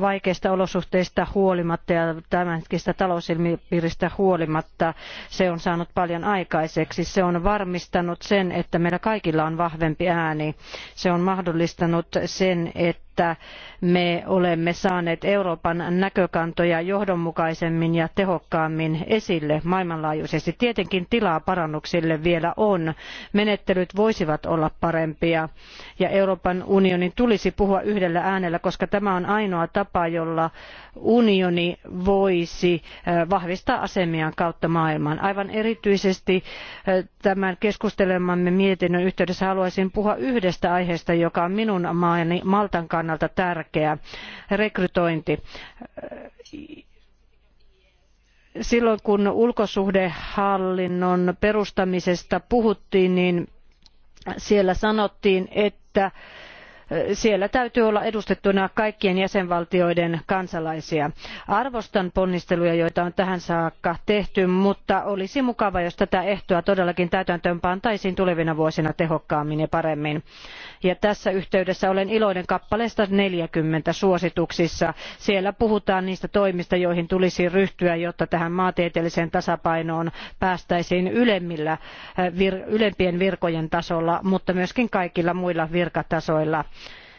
vaikeista olosuhteista huolimatta ja tämänhetkisestä talousilmapiiristä huolimatta se on saanut paljon aikaiseksi. Se on varmistanut sen, että meillä kaikilla on vahvempi ääni. Se on mahdollistanut sen, että että me olemme saaneet Euroopan näkökantoja johdonmukaisemmin ja tehokkaammin esille maailmanlaajuisesti. Tietenkin tilaa parannuksille vielä on. Menettelyt voisivat olla parempia ja Euroopan unionin tulisi puhua yhdellä äänellä, koska tämä on ainoa tapa, jolla unioni voisi vahvistaa asemiaan kautta maailman. Aivan erityisesti tämän keskustelemamme mietinnön yhteydessä haluaisin puhua yhdestä aiheesta, joka on minun maani Maltan kannalta tärkeä, rekrytointi silloin kun ulkosuhdehallinnon perustamisesta puhuttiin, niin siellä sanottiin, että siellä täytyy olla edustettuna kaikkien jäsenvaltioiden kansalaisia. arvostan ponnisteluja joita on tähän saakka tehty mutta olisi mukava jos tätä ehtoa todellakin täytäntöönpantaisiin tulevina vuosina tehokkaammin ja paremmin. Ja tässä yhteydessä olen iloinen kappaleesta neljäkymmentä suosituksissa. siellä puhutaan niistä toimista joihin tulisi ryhtyä jotta tähän maantieteelliseen tasapainoon päästäisiin ylemmillä, eh, vir, ylempien virkojen tasolla mutta myöskin kaikilla muilla virkatasoilla.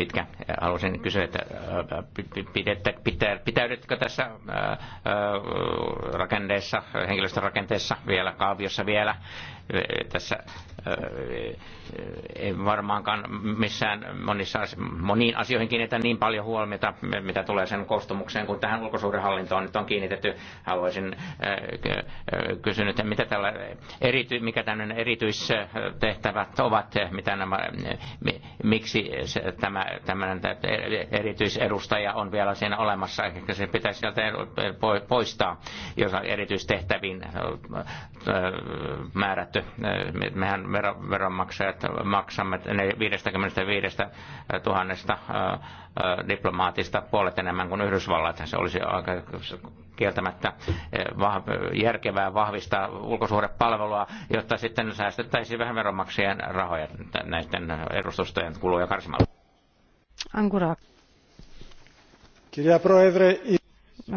pitkä. Haluaisin kysyä, että pitä, äh, pitä, pitäydytkö tässä äh, äh, rakenteessa, henkilöstörakenteessa vielä, kaaviossa vielä tässä eh, eh, ei varmaankaan missään monissa, moniin asioihin kiinnitä niin paljon huomiota, mitä tulee sen koostumukseen, kun tähän ulkosuhdehallintoon nyt on kiinnitetty. Haluaisin eh, kysynyt, mitä tällä erity, mikä tämmöinen erityistehtävät ovat, mitä nämä, miksi se, tämä, tämmöinen erityisedustaja on vielä siinä olemassa, ehkä se pitäisi sieltä poistaa, jos erityistehtäviin määrätty tehty. Äh, mehän veronmaksajat maksamme 55 000 äh, äh, diplomaatista puolet enemmän kuin Yhdysvallat. Se olisi aika kieltämättä järkevää vahvistaa ulkosuhdepalvelua, jotta sitten säästettäisiin vähän veronmaksajien rahoja näiden edustustojen kuluja karsimalla. Ankura.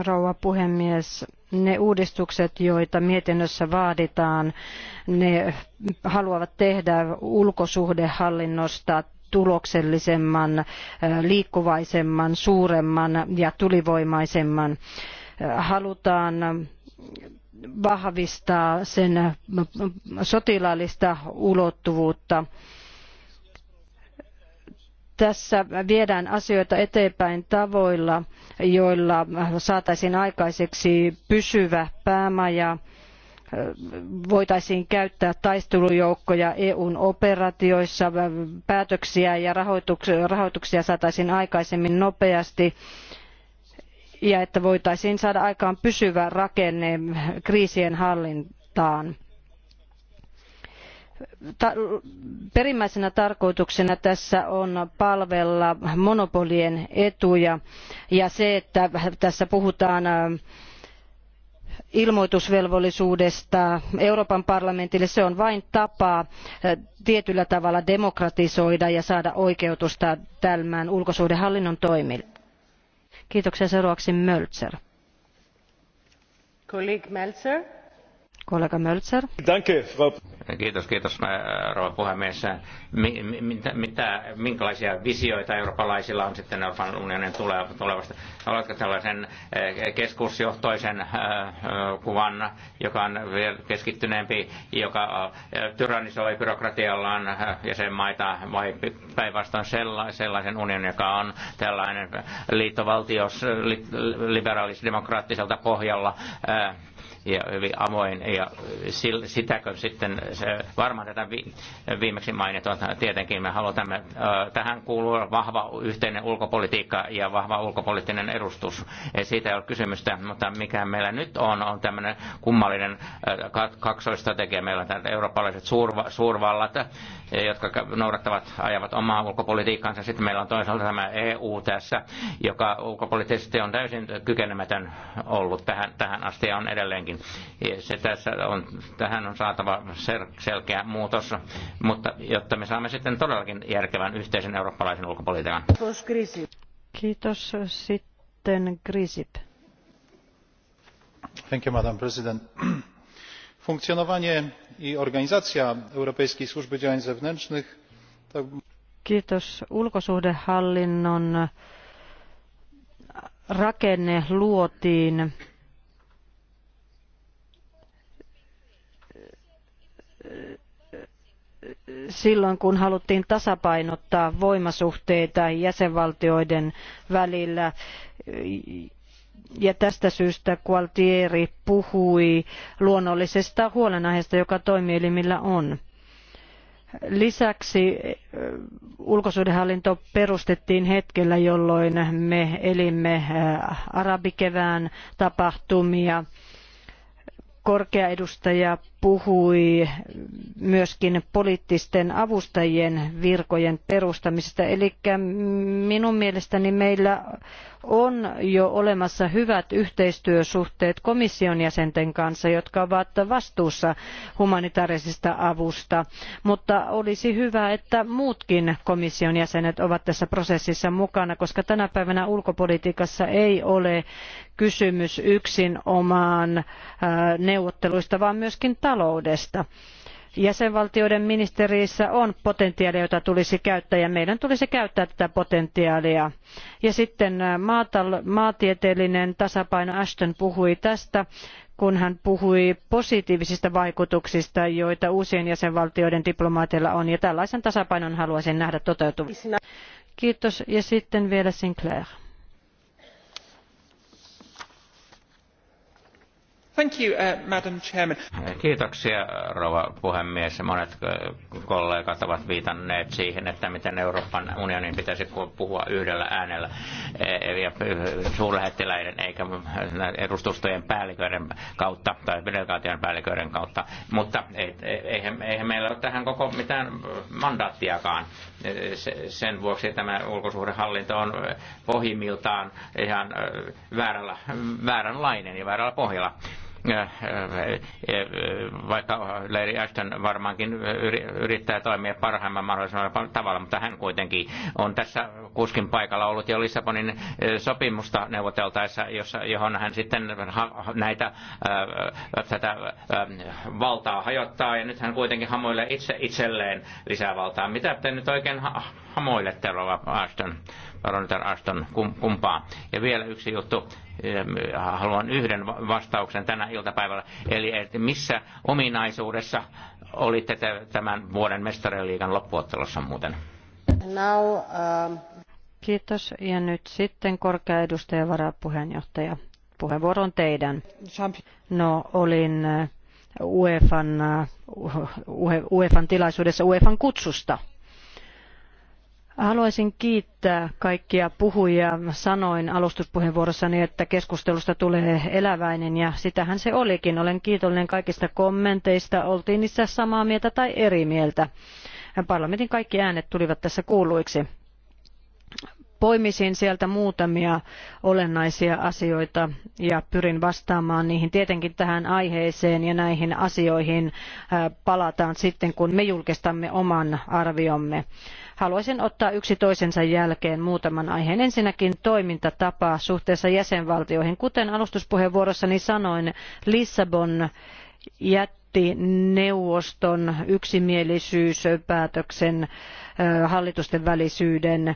Rouva puhemies, ne uudistukset, joita mietinnössä vaaditaan, ne haluavat tehdä ulkosuhdehallinnosta tuloksellisemman, liikkuvaisemman, suuremman ja tulivoimaisemman. Halutaan vahvistaa sen sotilaallista ulottuvuutta tässä viedään asioita eteenpäin tavoilla, joilla saataisiin aikaiseksi pysyvä päämaja voitaisiin käyttää taistelujoukkoja EUn operaatioissa, päätöksiä ja rahoituksia saataisiin aikaisemmin nopeasti ja että voitaisiin saada aikaan pysyvä rakenne kriisien hallintaan perimmäisenä tarkoituksena tässä on palvella monopolien etuja ja se että tässä puhutaan äh, ilmoitusvelvollisuudesta euroopan parlamentille se on vain tapa äh, tietyllä tavalla demokratisoida ja saada oikeutusta tämän ulkosuhdehallinnon toimille. Kiitoksia seuraavaksi Mölzer. Kollega Mölzer. Danke, Frau Kiitos, kiitos äh, rouva puhemies. Mitä, mitä, minkälaisia visioita eurooppalaisilla on sitten Euroopan unionin tulevasta? Oletko tällaisen äh, keskusjohtoisen äh, kuvan, joka on keskittyneempi, joka tyrannisoi byrokratiallaan jäsenmaita, vai päinvastoin sellaisen unionin, joka on tällainen liittovaltios liberaalis-demokraattiselta pohjalla ja hyvin avoin. Ja sitäkö sitten, se, varmaan tätä viimeksi mainitua, tietenkin me haluamme, tähän kuuluu vahva yhteinen ulkopolitiikka ja vahva ulkopoliittinen edustus. Siitä ei ole kysymystä, mutta mikä meillä nyt on, on tämmöinen kummallinen kaksoistrategia. Meillä on eurooppalaiset suurva, suurvallat, jotka noudattavat, ajavat omaa ulkopolitiikkaansa. Sitten meillä on toisaalta tämä EU tässä, joka ulkopoliittisesti on täysin kykenemätön ollut tähän, tähän asti ja on edelleenkin todellakin. Se tässä on, tähän on saatava selkeä muutos, mutta jotta me saamme sitten todellakin järkevän yhteisen eurooppalaisen ulkopolitiikan. Kiitos. Sitten Grisip. Thank you, Madam President funkcjonowanie i organizacja europejskiej służby działań zewnętrznych to... Kiitos. Ulkosuhdehallinnon rakenne luotiin silloin, kun haluttiin tasapainottaa voimasuhteita jäsenvaltioiden välillä. Ja tästä syystä Gualtieri puhui luonnollisesta huolenaiheesta, joka toimielimillä on. Lisäksi ulkosuhdehallinto perustettiin hetkellä, jolloin me elimme arabikevään tapahtumia. Korkea edustaja puhui myöskin poliittisten avustajien virkojen perustamisesta. Eli minun mielestäni meillä on jo olemassa hyvät yhteistyösuhteet komission jäsenten kanssa, jotka ovat vastuussa humanitaarisesta avusta. Mutta olisi hyvä, että muutkin komission jäsenet ovat tässä prosessissa mukana, koska tänä päivänä ulkopolitiikassa ei ole kysymys yksin omaan neuvotteluista, vaan myöskin ta- taloudesta. Jäsenvaltioiden ministeriissä on potentiaalia, jota tulisi käyttää ja meidän tulisi käyttää tätä potentiaalia. Ja sitten maatal- maatieteellinen tasapaino, Ashton puhui tästä kun hän puhui positiivisista vaikutuksista, joita uusien jäsenvaltioiden diplomaateilla on, ja tällaisen tasapainon haluaisin nähdä toteutuvan. Kiitos, ja sitten vielä Sinclair. Uh, Kiitoksia, rouva puhemies. Monet äh, kollegat ovat viitanneet siihen, että miten Euroopan unionin pitäisi puhua yhdellä äänellä e, e, ja e, suurlähettiläiden eikä äh, edustustojen päälliköiden kautta tai delegaation päälliköiden kautta. Mutta eihän, eihän meillä ole tähän koko mitään mandaattiakaan. Sen vuoksi tämä ulkosuhdehallinto on äh, pohjimmiltaan ihan väärällä, vääränlainen ja väärällä pohjalla Äh, äh, vaikka Leiri Ashton varmaankin yrittää toimia parhaimman mahdollisella tavalla, mutta hän kuitenkin on tässä kuskin paikalla ollut jo Lissabonin äh, sopimusta neuvoteltaessa, jossa, johon hän sitten näitä tätä valtaa hajottaa, ja nyt hän kuitenkin hamoilee itse, itselleen lisää valtaa. Mitä te nyt oikein hamoilette, Rova Ashton? Ronitar Ashton kumpaa. Ja vielä yksi juttu, ehm, haluan yhden vastauksen tänä iltapäivällä, eli että missä ominaisuudessa olitte tämän vuoden mestariliikan loppuottelussa muuten? Now, uh... Kiitos. Ja nyt sitten korkea edustaja varapuheenjohtaja. Puheenvuoro on teidän. No, olin äh, UEFan, äh, UEFan tilaisuudessa UEFan kutsusta Haluaisin kiittää kaikkia puhujia. Sanoin alustuspuheenvuorossani, että keskustelusta tulee eläväinen ja sitähän se olikin. Olen kiitollinen kaikista kommenteista. Oltiin niissä samaa mieltä tai eri mieltä. Parlamentin kaikki äänet tulivat tässä kuuluiksi. Poimisin sieltä muutamia olennaisia asioita ja pyrin vastaamaan niihin. Tietenkin tähän aiheeseen ja näihin asioihin palataan sitten, kun me julkistamme oman arviomme. Haluaisin ottaa yksi toisensa jälkeen muutaman aiheen. Ensinnäkin toimintatapa suhteessa jäsenvaltioihin. Kuten alustuspuheenvuorossani sanoin, Lissabon jätti neuvoston yksimielisyyspäätöksen hallitusten välisyyden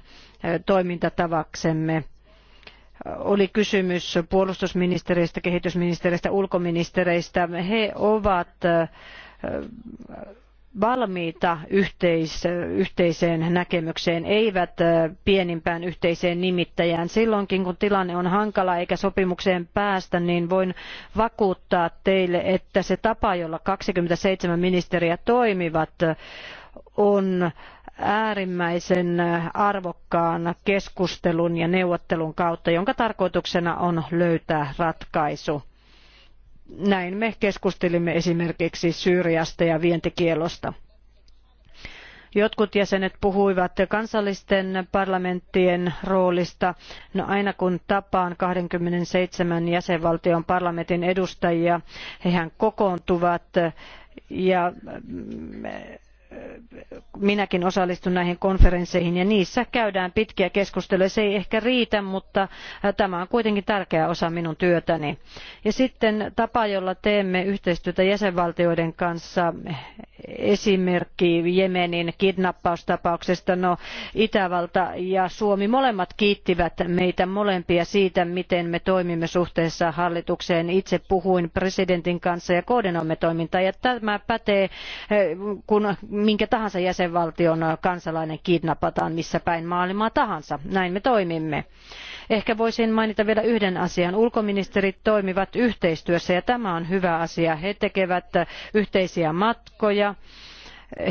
toimintatavaksemme oli kysymys puolustusministereistä kehitysministereistä ulkoministereistä he ovat valmiita yhteis, yhteiseen näkemykseen, eivät pienimpään yhteiseen nimittäjään. Silloinkin kun tilanne on hankala eikä sopimukseen päästä, niin voin vakuuttaa teille, että se tapa, jolla 27 ministeriä toimivat, on äärimmäisen arvokkaan keskustelun ja neuvottelun kautta, jonka tarkoituksena on löytää ratkaisu näin me keskustelimme esimerkiksi Syyriasta ja vientikielosta. Jotkut jäsenet puhuivat kansallisten parlamenttien roolista. No aina kun tapaan 27 jäsenvaltion parlamentin edustajia, hehän kokoontuvat ja mm, minäkin osallistun näihin konferensseihin ja niissä käydään pitkiä keskusteluja. Se ei ehkä riitä, mutta tämä on kuitenkin tärkeä osa minun työtäni. Ja sitten tapa, jolla teemme yhteistyötä jäsenvaltioiden kanssa esimerkki Jemenin kidnappaustapauksesta. No, Itävalta ja Suomi molemmat kiittivät meitä molempia siitä, miten me toimimme suhteessa hallitukseen. Itse puhuin presidentin kanssa ja koordinoimme toimintaa ja tämä pätee, eh, kun minkä tahansa jäsenvaltion kansalainen kidnapataan missä päin maailmaa tahansa. Näin me toimimme. Ehkä voisin mainita vielä yhden asian. Ulkoministerit toimivat yhteistyössä ja tämä on hyvä asia. He tekevät yhteisiä matkoja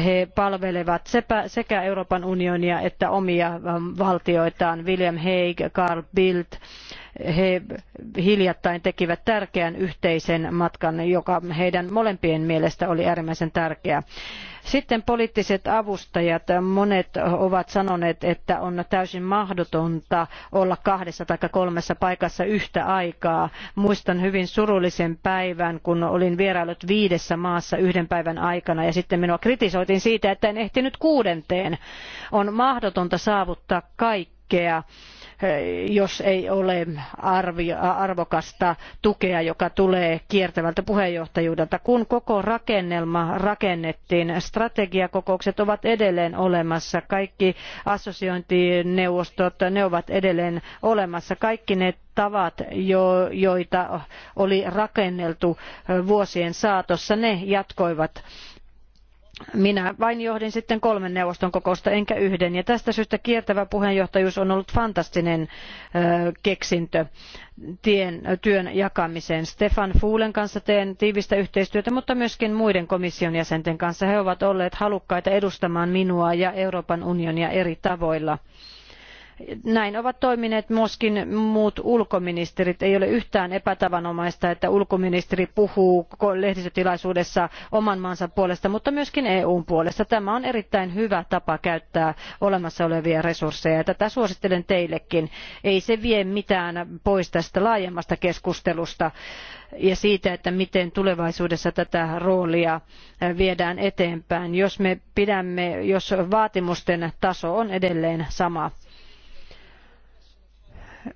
he palvelevat sekä Euroopan unionia että omia ähm, valtioitaan. William Hague, Carl Bildt, he hiljattain tekivät tärkeän yhteisen matkan, joka heidän molempien mielestä oli äärimmäisen tärkeä. Sitten poliittiset avustajat, monet ovat sanoneet, että on täysin mahdotonta olla kahdessa tai kolmessa paikassa yhtä aikaa. Muistan hyvin surullisen päivän, kun olin vieraillut viidessä maassa yhden päivän aikana ja sitten minua kritisoitiin siitä, että en ehtinyt kuudenteen. On mahdotonta saavuttaa kaikkea jos ei ole arvokasta tukea, joka tulee kiertävältä puheenjohtajuudelta. Kun koko rakennelma rakennettiin, strategiakokoukset ovat edelleen olemassa. Kaikki assosiointineuvostot, ne ovat edelleen olemassa. Kaikki ne tavat, joita oli rakenneltu vuosien saatossa, ne jatkoivat minä vain johdin sitten kolmen neuvoston kokousta enkä yhden ja tästä syystä kiertävä puheenjohtajuus on ollut fantastinen keksintö tien, työn jakamiseen. Stefan Fulen kanssa teen tiivistä yhteistyötä, mutta myöskin muiden komission jäsenten kanssa. He ovat olleet halukkaita edustamaan minua ja Euroopan unionia eri tavoilla. Näin ovat toimineet myös muut ulkoministerit. Ei ole yhtään epätavanomaista, että ulkoministeri puhuu lehdistötilaisuudessa oman maansa puolesta, mutta myöskin EUn puolesta. Tämä on erittäin hyvä tapa käyttää olemassa olevia resursseja. Tätä suosittelen teillekin. Ei se vie mitään pois tästä laajemmasta keskustelusta ja siitä, että miten tulevaisuudessa tätä roolia viedään eteenpäin. Jos me pidämme, jos vaatimusten taso on edelleen sama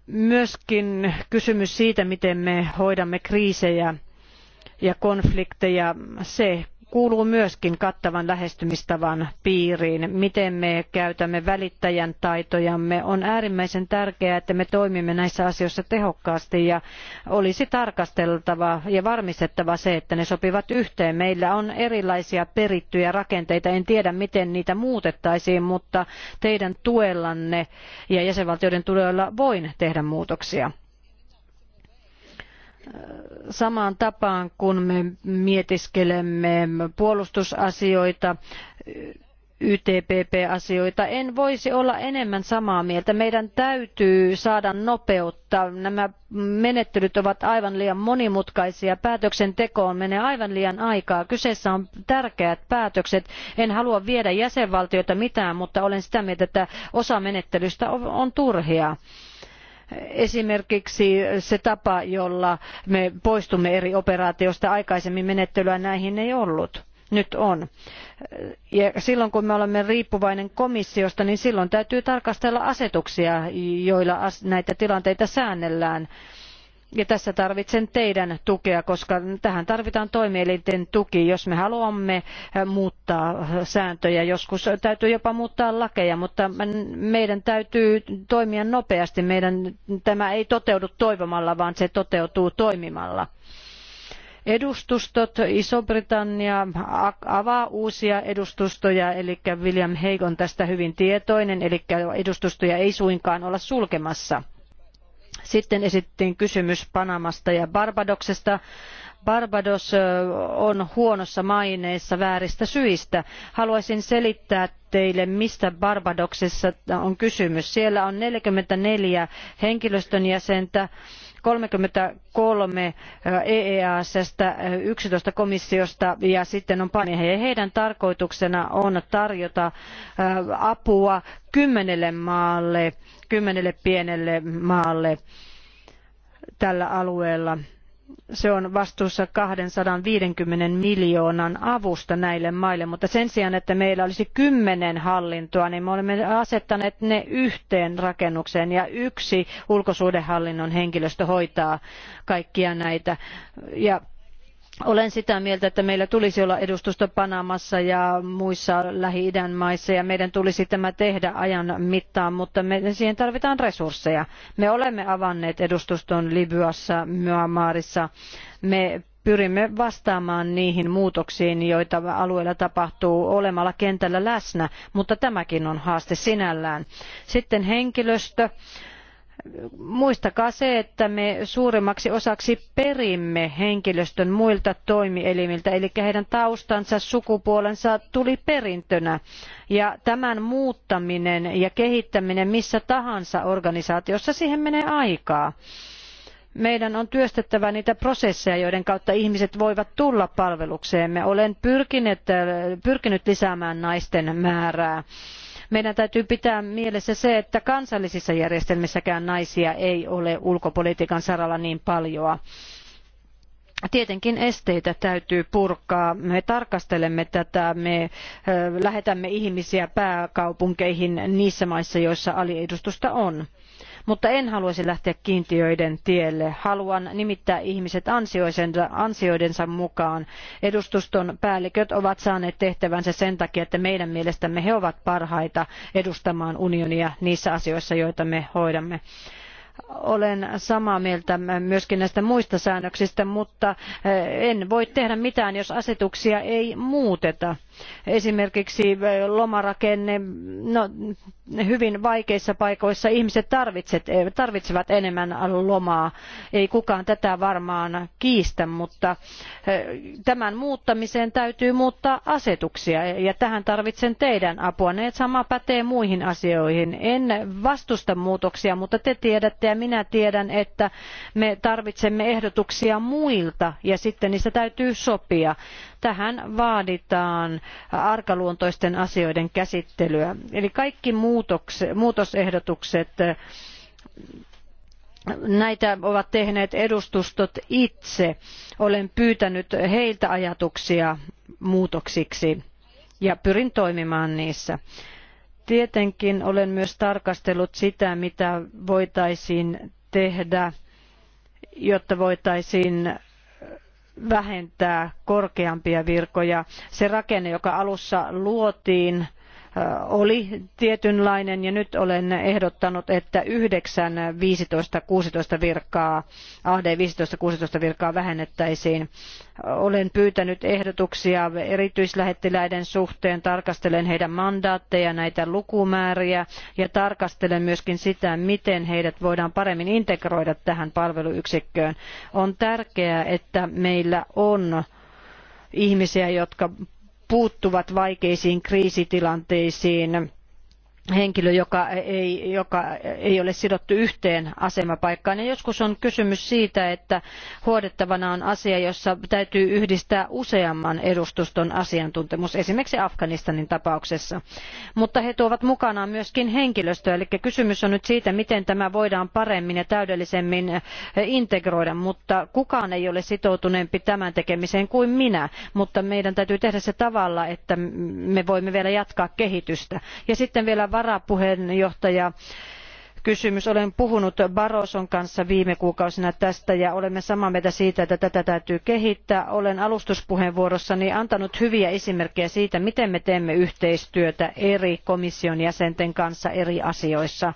myöskin kysymys siitä miten me hoidamme kriisejä ja konflikteja se kuuluu myöskin kattavan lähestymistavan piiriin. Miten me käytämme välittäjän taitojamme on äärimmäisen tärkeää, että me toimimme näissä asioissa tehokkaasti ja olisi tarkasteltava ja varmistettava se, että ne sopivat yhteen. Meillä on erilaisia perittyjä rakenteita, en tiedä miten niitä muutettaisiin, mutta teidän tuellanne ja jäsenvaltioiden tuella voin tehdä muutoksia samaan tapaan kun me mietiskelemme puolustusasioita YTPP-asioita. En voisi olla enemmän samaa mieltä. Meidän täytyy saada nopeutta. Nämä menettelyt ovat aivan liian monimutkaisia. Päätöksentekoon menee aivan liian aikaa. Kyseessä on tärkeät päätökset. En halua viedä jäsenvaltioita mitään, mutta olen sitä mieltä, että osa menettelystä on turhia. Esimerkiksi se tapa, jolla me poistumme eri operaatioista aikaisemmin menettelyä näihin ei ollut nyt on. Ja silloin kun me olemme riippuvainen komissiosta, niin silloin täytyy tarkastella asetuksia, joilla näitä tilanteita säännellään ja tässä tarvitsen teidän tukeanne koska tähän tarvitaan toimielinten tuki. Jos me haluamme äh, muuttaa sääntöjä, joskus täytyy jopa muuttaa lakeja, mutta meidän täytyy toimia nopeasti. Meidän, tämä ei toteudu toivomalla, vaan se toteutuu toimimalla edustustot. Iso-Britannia avaa uusia edustustoja, eli William Hague on tästä hyvin tietoinen, eli edustustoja ei suinkaan olla sulkemassa. Sitten esittiin kysymys Panamasta ja Barbadoksesta. Barbados on huonossa maineessa vääristä syistä. Haluaisin selittää teille, mistä Barbadoksessa on kysymys. Siellä on 44 henkilöstön jäsentä kolmekymmentäkolme eeasstä eh, e eh, yksitoista komissiosta ja sitten on ja heidän tarkoituksena on tarjota eh, apua kymmenelle maalle kymmenelle pienelle maalle tällä alueella se on vastuussa 250 miljoonan avusta näille maille, mutta sen sijaan, että meillä olisi kymmenen hallintoa, niin me olemme asettaneet ne yhteen rakennukseen ja yksi ulkosuhdehallinnon henkilöstö hoitaa kaikkia näitä. Ja olen sitä mieltä että meillä tulisi olla edustusto panamassa ja muissa lähi idän maissa ja meidän tulisi tämä tehdä ajan mittaan mutta me, siihen tarvitaan resursseja. me olemme avanneet edustuston libyassa myanmarissa me pyrimme vastaamaan niihin muutoksiin joita alueella tapahtuu olemalla kentällä läsnä mutta tämäkin on haaste sinällään. sitten henkilöstö Muistakaa se, että me suurimmaksi osaksi perimme henkilöstön muilta toimielimiltä, eli heidän taustansa, sukupuolensa tuli perintönä. Ja tämän muuttaminen ja kehittäminen missä tahansa organisaatiossa, siihen menee aikaa meidän on työstettävä niitä prosesseja joiden kautta ihmiset voivat tulla palvelukseemme. olen pyrkinyt, pyrkinyt lisäämään naisten määrää meidän täytyy pitää mielessä se, että kansallisissa järjestelmissäkään naisia ei ole ulkopolitiikan saralla niin paljoa. Tietenkin esteitä täytyy purkaa. Me tarkastelemme tätä, me lähetämme ihmisiä pääkaupunkeihin niissä maissa, joissa aliedustusta on. Mutta en haluaisi lähteä kiintiöiden tielle. Haluan nimittää ihmiset ansioidensa mukaan. Edustuston päälliköt ovat saaneet tehtävänsä sen takia, että meidän mielestämme he ovat parhaita edustamaan unionia niissä asioissa, joita me hoidamme olen samaa mieltä myöskin näistä muista säännöksistä mutta eh, en voi tehdä mitään jos asetuksia ei muuteta. esimerkiksi eh, lomarakenne no, hyvin vaikeissa paikoissa ihmiset eh, tarvitsevat enemmän lomaa ei kukaan tätä varmaan kiistä mutta tämän muuttamiseen täytyy muuttaa asetuksia ja tähän tarvitsen teidän apuanne. sama pätee muihin asioihin. en vastusta muutoksia mutta te tiedätte ja minä tiedän, että me tarvitsemme ehdotuksia muilta ja sitten niistä täytyy sopia. Tähän vaaditaan arkaluontoisten asioiden käsittelyä. Eli kaikki muutosehdotukset näitä ovat tehneet edustustot itse. Olen pyytänyt heiltä ajatuksia muutoksiksi ja pyrin toimimaan niissä. Tietenkin olen myös tarkastellut sitä, mitä voitaisiin tehdä, jotta voitaisiin vähentää korkeampia virkoja. Se rakenne, joka alussa luotiin, oli tietynlainen ja nyt olen ehdottanut, että yhdeksän 15 virkaa, AD viisitoista kuusitoista virkaa vähennettäisiin. Olen pyytänyt ehdotuksia erityislähettiläiden suhteen, tarkastelen heidän mandaatteja, näitä lukumääriä ja tarkastelen myöskin sitä, miten heidät voidaan paremmin integroida tähän palveluyksikköön. On tärkeää, että meillä on ihmisiä, jotka puuttuvat vaikeisiin kriisitilanteisiin henkilö, joka ei, joka ei ole sidottu yhteen asemapaikkaan. Ja joskus on kysymys siitä, että huodettavana on asia, jossa täytyy yhdistää useamman edustuston asiantuntemus, esimerkiksi Afganistanin tapauksessa. Mutta he tuovat mukanaan myöskin henkilöstöä, eli kysymys on nyt siitä, miten tämä voidaan paremmin ja täydellisemmin integroida, mutta kukaan ei ole sitoutuneempi tämän tekemiseen kuin minä, mutta meidän täytyy tehdä se tavalla, että me voimme vielä jatkaa kehitystä. Ja sitten vielä varapuheenjohtaja kysymys. olen puhunut barroson kanssa viime kuukausina tästä ja olemme samaa mieltä siitä että tätä täytyy kehittää. olen alustuspuheenvuorossani antanut hyviä esimerkkejä siitä miten me teemme yhteistyötä eri komission jäsenten kanssa eri asioissa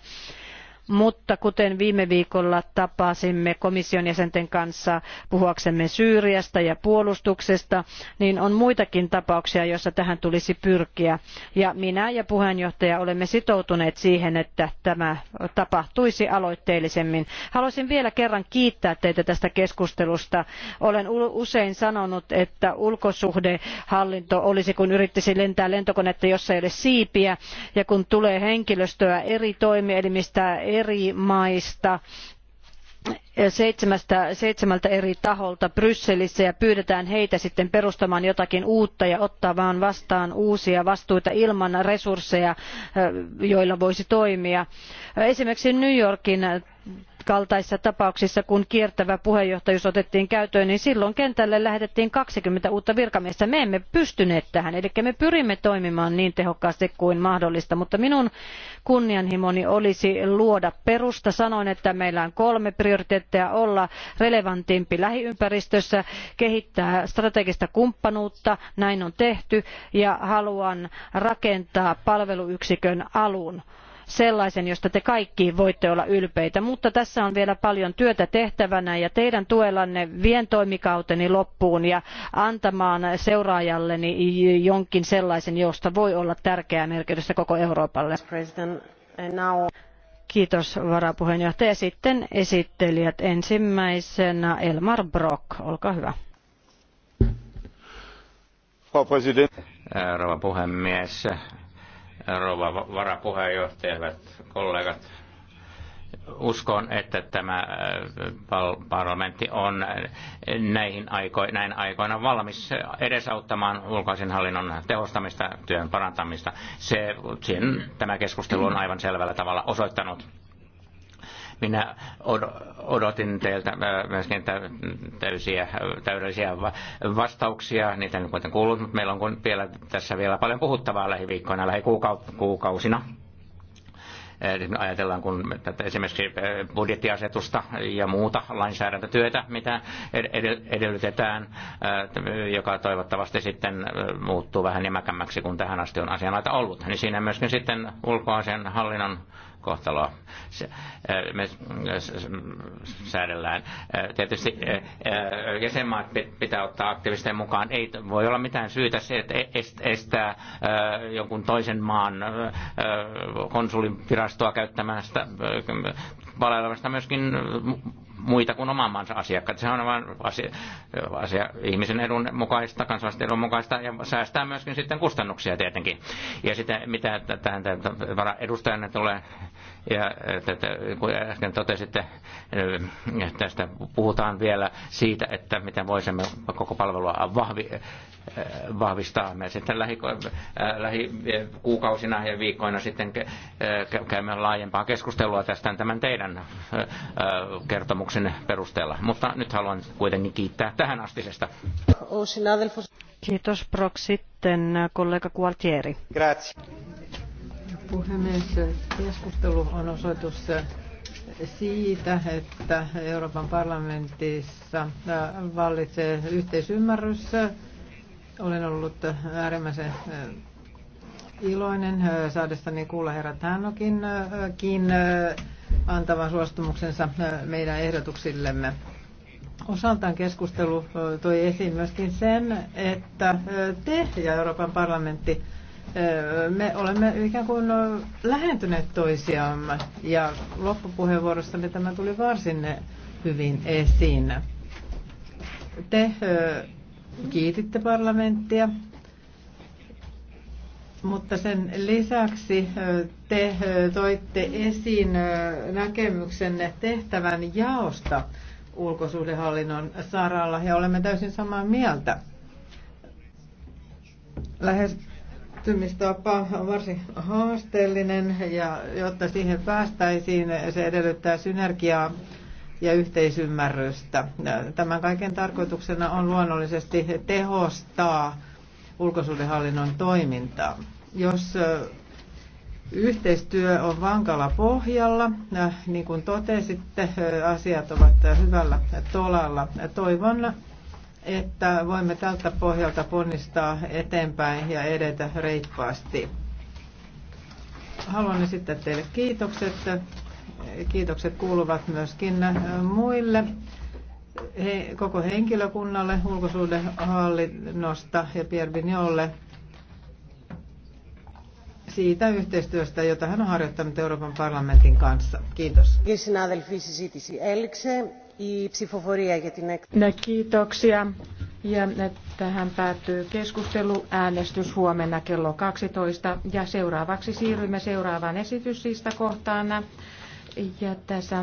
mutta kuten viime viikolla tapasimme komission jäsenten kanssa puhuaksemme Syyriasta ja puolustuksesta, niin on muitakin tapauksia, joissa tähän tulisi pyrkiä. Ja minä ja puheenjohtaja olemme sitoutuneet siihen, että tämä tapahtuisi aloitteellisemmin. Haluaisin vielä kerran kiittää teitä tästä keskustelusta. Olen usein sanonut, että ulkosuhdehallinto olisi kuin yrittäisi lentää lentokonetta, jossa ei ole siipiä, ja kun tulee henkilöstöä eri toimielimistä, eri maista seitsemästä, seitsemältä eri taholta Brysselissä ja pyydetään heitä sitten perustamaan jotakin uutta ja ottamaan vastaan uusia vastuita ilman resursseja, joilla voisi toimia. Esimerkiksi New Yorkin kaltaisissa tapauksissa kun kiertävä puheenjohtajuus otettiin käyttöön niin silloin kentälle lähetettiin kaksikymmentä uutta virkamiestä. me emme pystyneet tähän eli me pyrimme toimimaan niin tehokkaasti kuin mahdollista mutta minun kunnianhimoni olisi luoda perusta. sanoin että meillä on kolme prioriteettia olla relevantimpi lähiympäristössä kehittää strategista kumppanuutta näin on tehty ja haluan rakentaa palveluyksikön alun sellaisen, josta te kaikki voitte olla ylpeitä. Mutta tässä on vielä paljon työtä tehtävänä ja teidän tuellanne vien toimikauteni loppuun ja antamaan seuraajalleni jonkin sellaisen, josta voi olla tärkeää merkitystä koko Euroopalle. Kiitos varapuheenjohtaja. Sitten esittelijät. Ensimmäisenä Elmar Brok, olkaa hyvä. Rouva puhemies, rouva varapuheenjohtaja, hyvät kollegat. Uskon, että tämä äh, parlamentti on äh, näihin aiko, näin aikoina valmis edesauttamaan ulkoisen hallinnon tehostamista, työn parantamista. Se, siihen tämä keskustelu on aivan selvällä tavalla osoittanut. Minä odotin teiltä äh, myöskin täysiä, täydellisiä vastauksia. Niitä en kuitenkin kuullut, mutta meillä on vielä, tässä vielä paljon puhuttavaa lähiviikkoina, lähikuukausina äh, ajatellaan kun tätä esimerkiksi äh, budjettiasetusta ja muuta lainsäädäntötyötä, mitä edellytetään, joka toivottavasti sitten muuttuu vähän jämäkämmäksi kuin tähän asti on asianlaita ollut, niin siinä myöskin sitten ulkoasian hallinnon kohtaloa äh, me äh, säädellään. Äh, tietysti jäsenmaat pitää ottaa aktiivisten mukaan. Ei voi olla mitään syytä se, että e-, estää jonkun toisen maan konsulin virastoa käyttämästä palvelemasta myöskin muita kuin oman maansa asiakkaita. Se on vain asia, asia, ihmisen edun mukaista, kansalaisten edun mukaista ja säästää myöskin sitten kustannuksia tietenkin. Ja sitten mitä tähän edustajana tulee ja kun äsken totesitte, tästä puhutaan vielä siitä, että miten voisimme koko palvelua vahvi, äh, vahvistaa. Me sitten äh, lähikuukausina lähi ja viikkoina sitten äh, käymme laajempaa keskustelua tästä tämän teidän kertomuksen perusteella. Mutta nyt haluan kuitenkin kiittää tähän astisesta. Kiitos Brock. Sitten kollega Gualtieri. Grazie puhemies. Keskustelu on osoitus siitä, että Euroopan parlamentissa vallitsee yhteisymmärrys. Olen ollut äärimmäisen iloinen saadessani kuulla herra Tannokinkin antavan suostumuksensa meidän ehdotuksillemme. Osaltaan keskustelu toi esiin myöskin sen, että te ja Euroopan parlamentti me olemme ikään kuin lähentyneet toisiamme ja loppupuheenvuorossanne tämä tuli varsin hyvin esiin. Te kiititte parlamenttia, mutta sen lisäksi te toitte esiin näkemyksenne tehtävän jaosta ulkosuhdehallinnon saralla ja olemme täysin samaa mieltä. Lähes lähestymistapa on varsin haasteellinen ja jotta siihen päästäisiin, se edellyttää synergiaa ja yhteisymmärrystä. Tämän kaiken tarkoituksena on luonnollisesti tehostaa ulkosuudenhallinnon toimintaa. Jos yhteistyö on vankalla pohjalla, niin kuin totesitte, asiat ovat hyvällä tolalla. Toivon että voimme tältä pohjalta ponnistaa eteenpäin ja edetä reippaasti. Haluan esittää teille kiitokset. Kiitokset kuuluvat myöskin äh, muille, he, koko henkilökunnalle, ulkosuudenhallinnosta ja Pierre Vignolle siitä yhteistyöstä, jota hän on harjoittanut Euroopan parlamentin kanssa. Kiitos. Kiitos. Kiitoksia. Ja tähän päättyy keskustelu. Äänestys huomenna kello 12. Ja seuraavaksi siirrymme seuraavaan esityslistakohtaan. Ja tässä on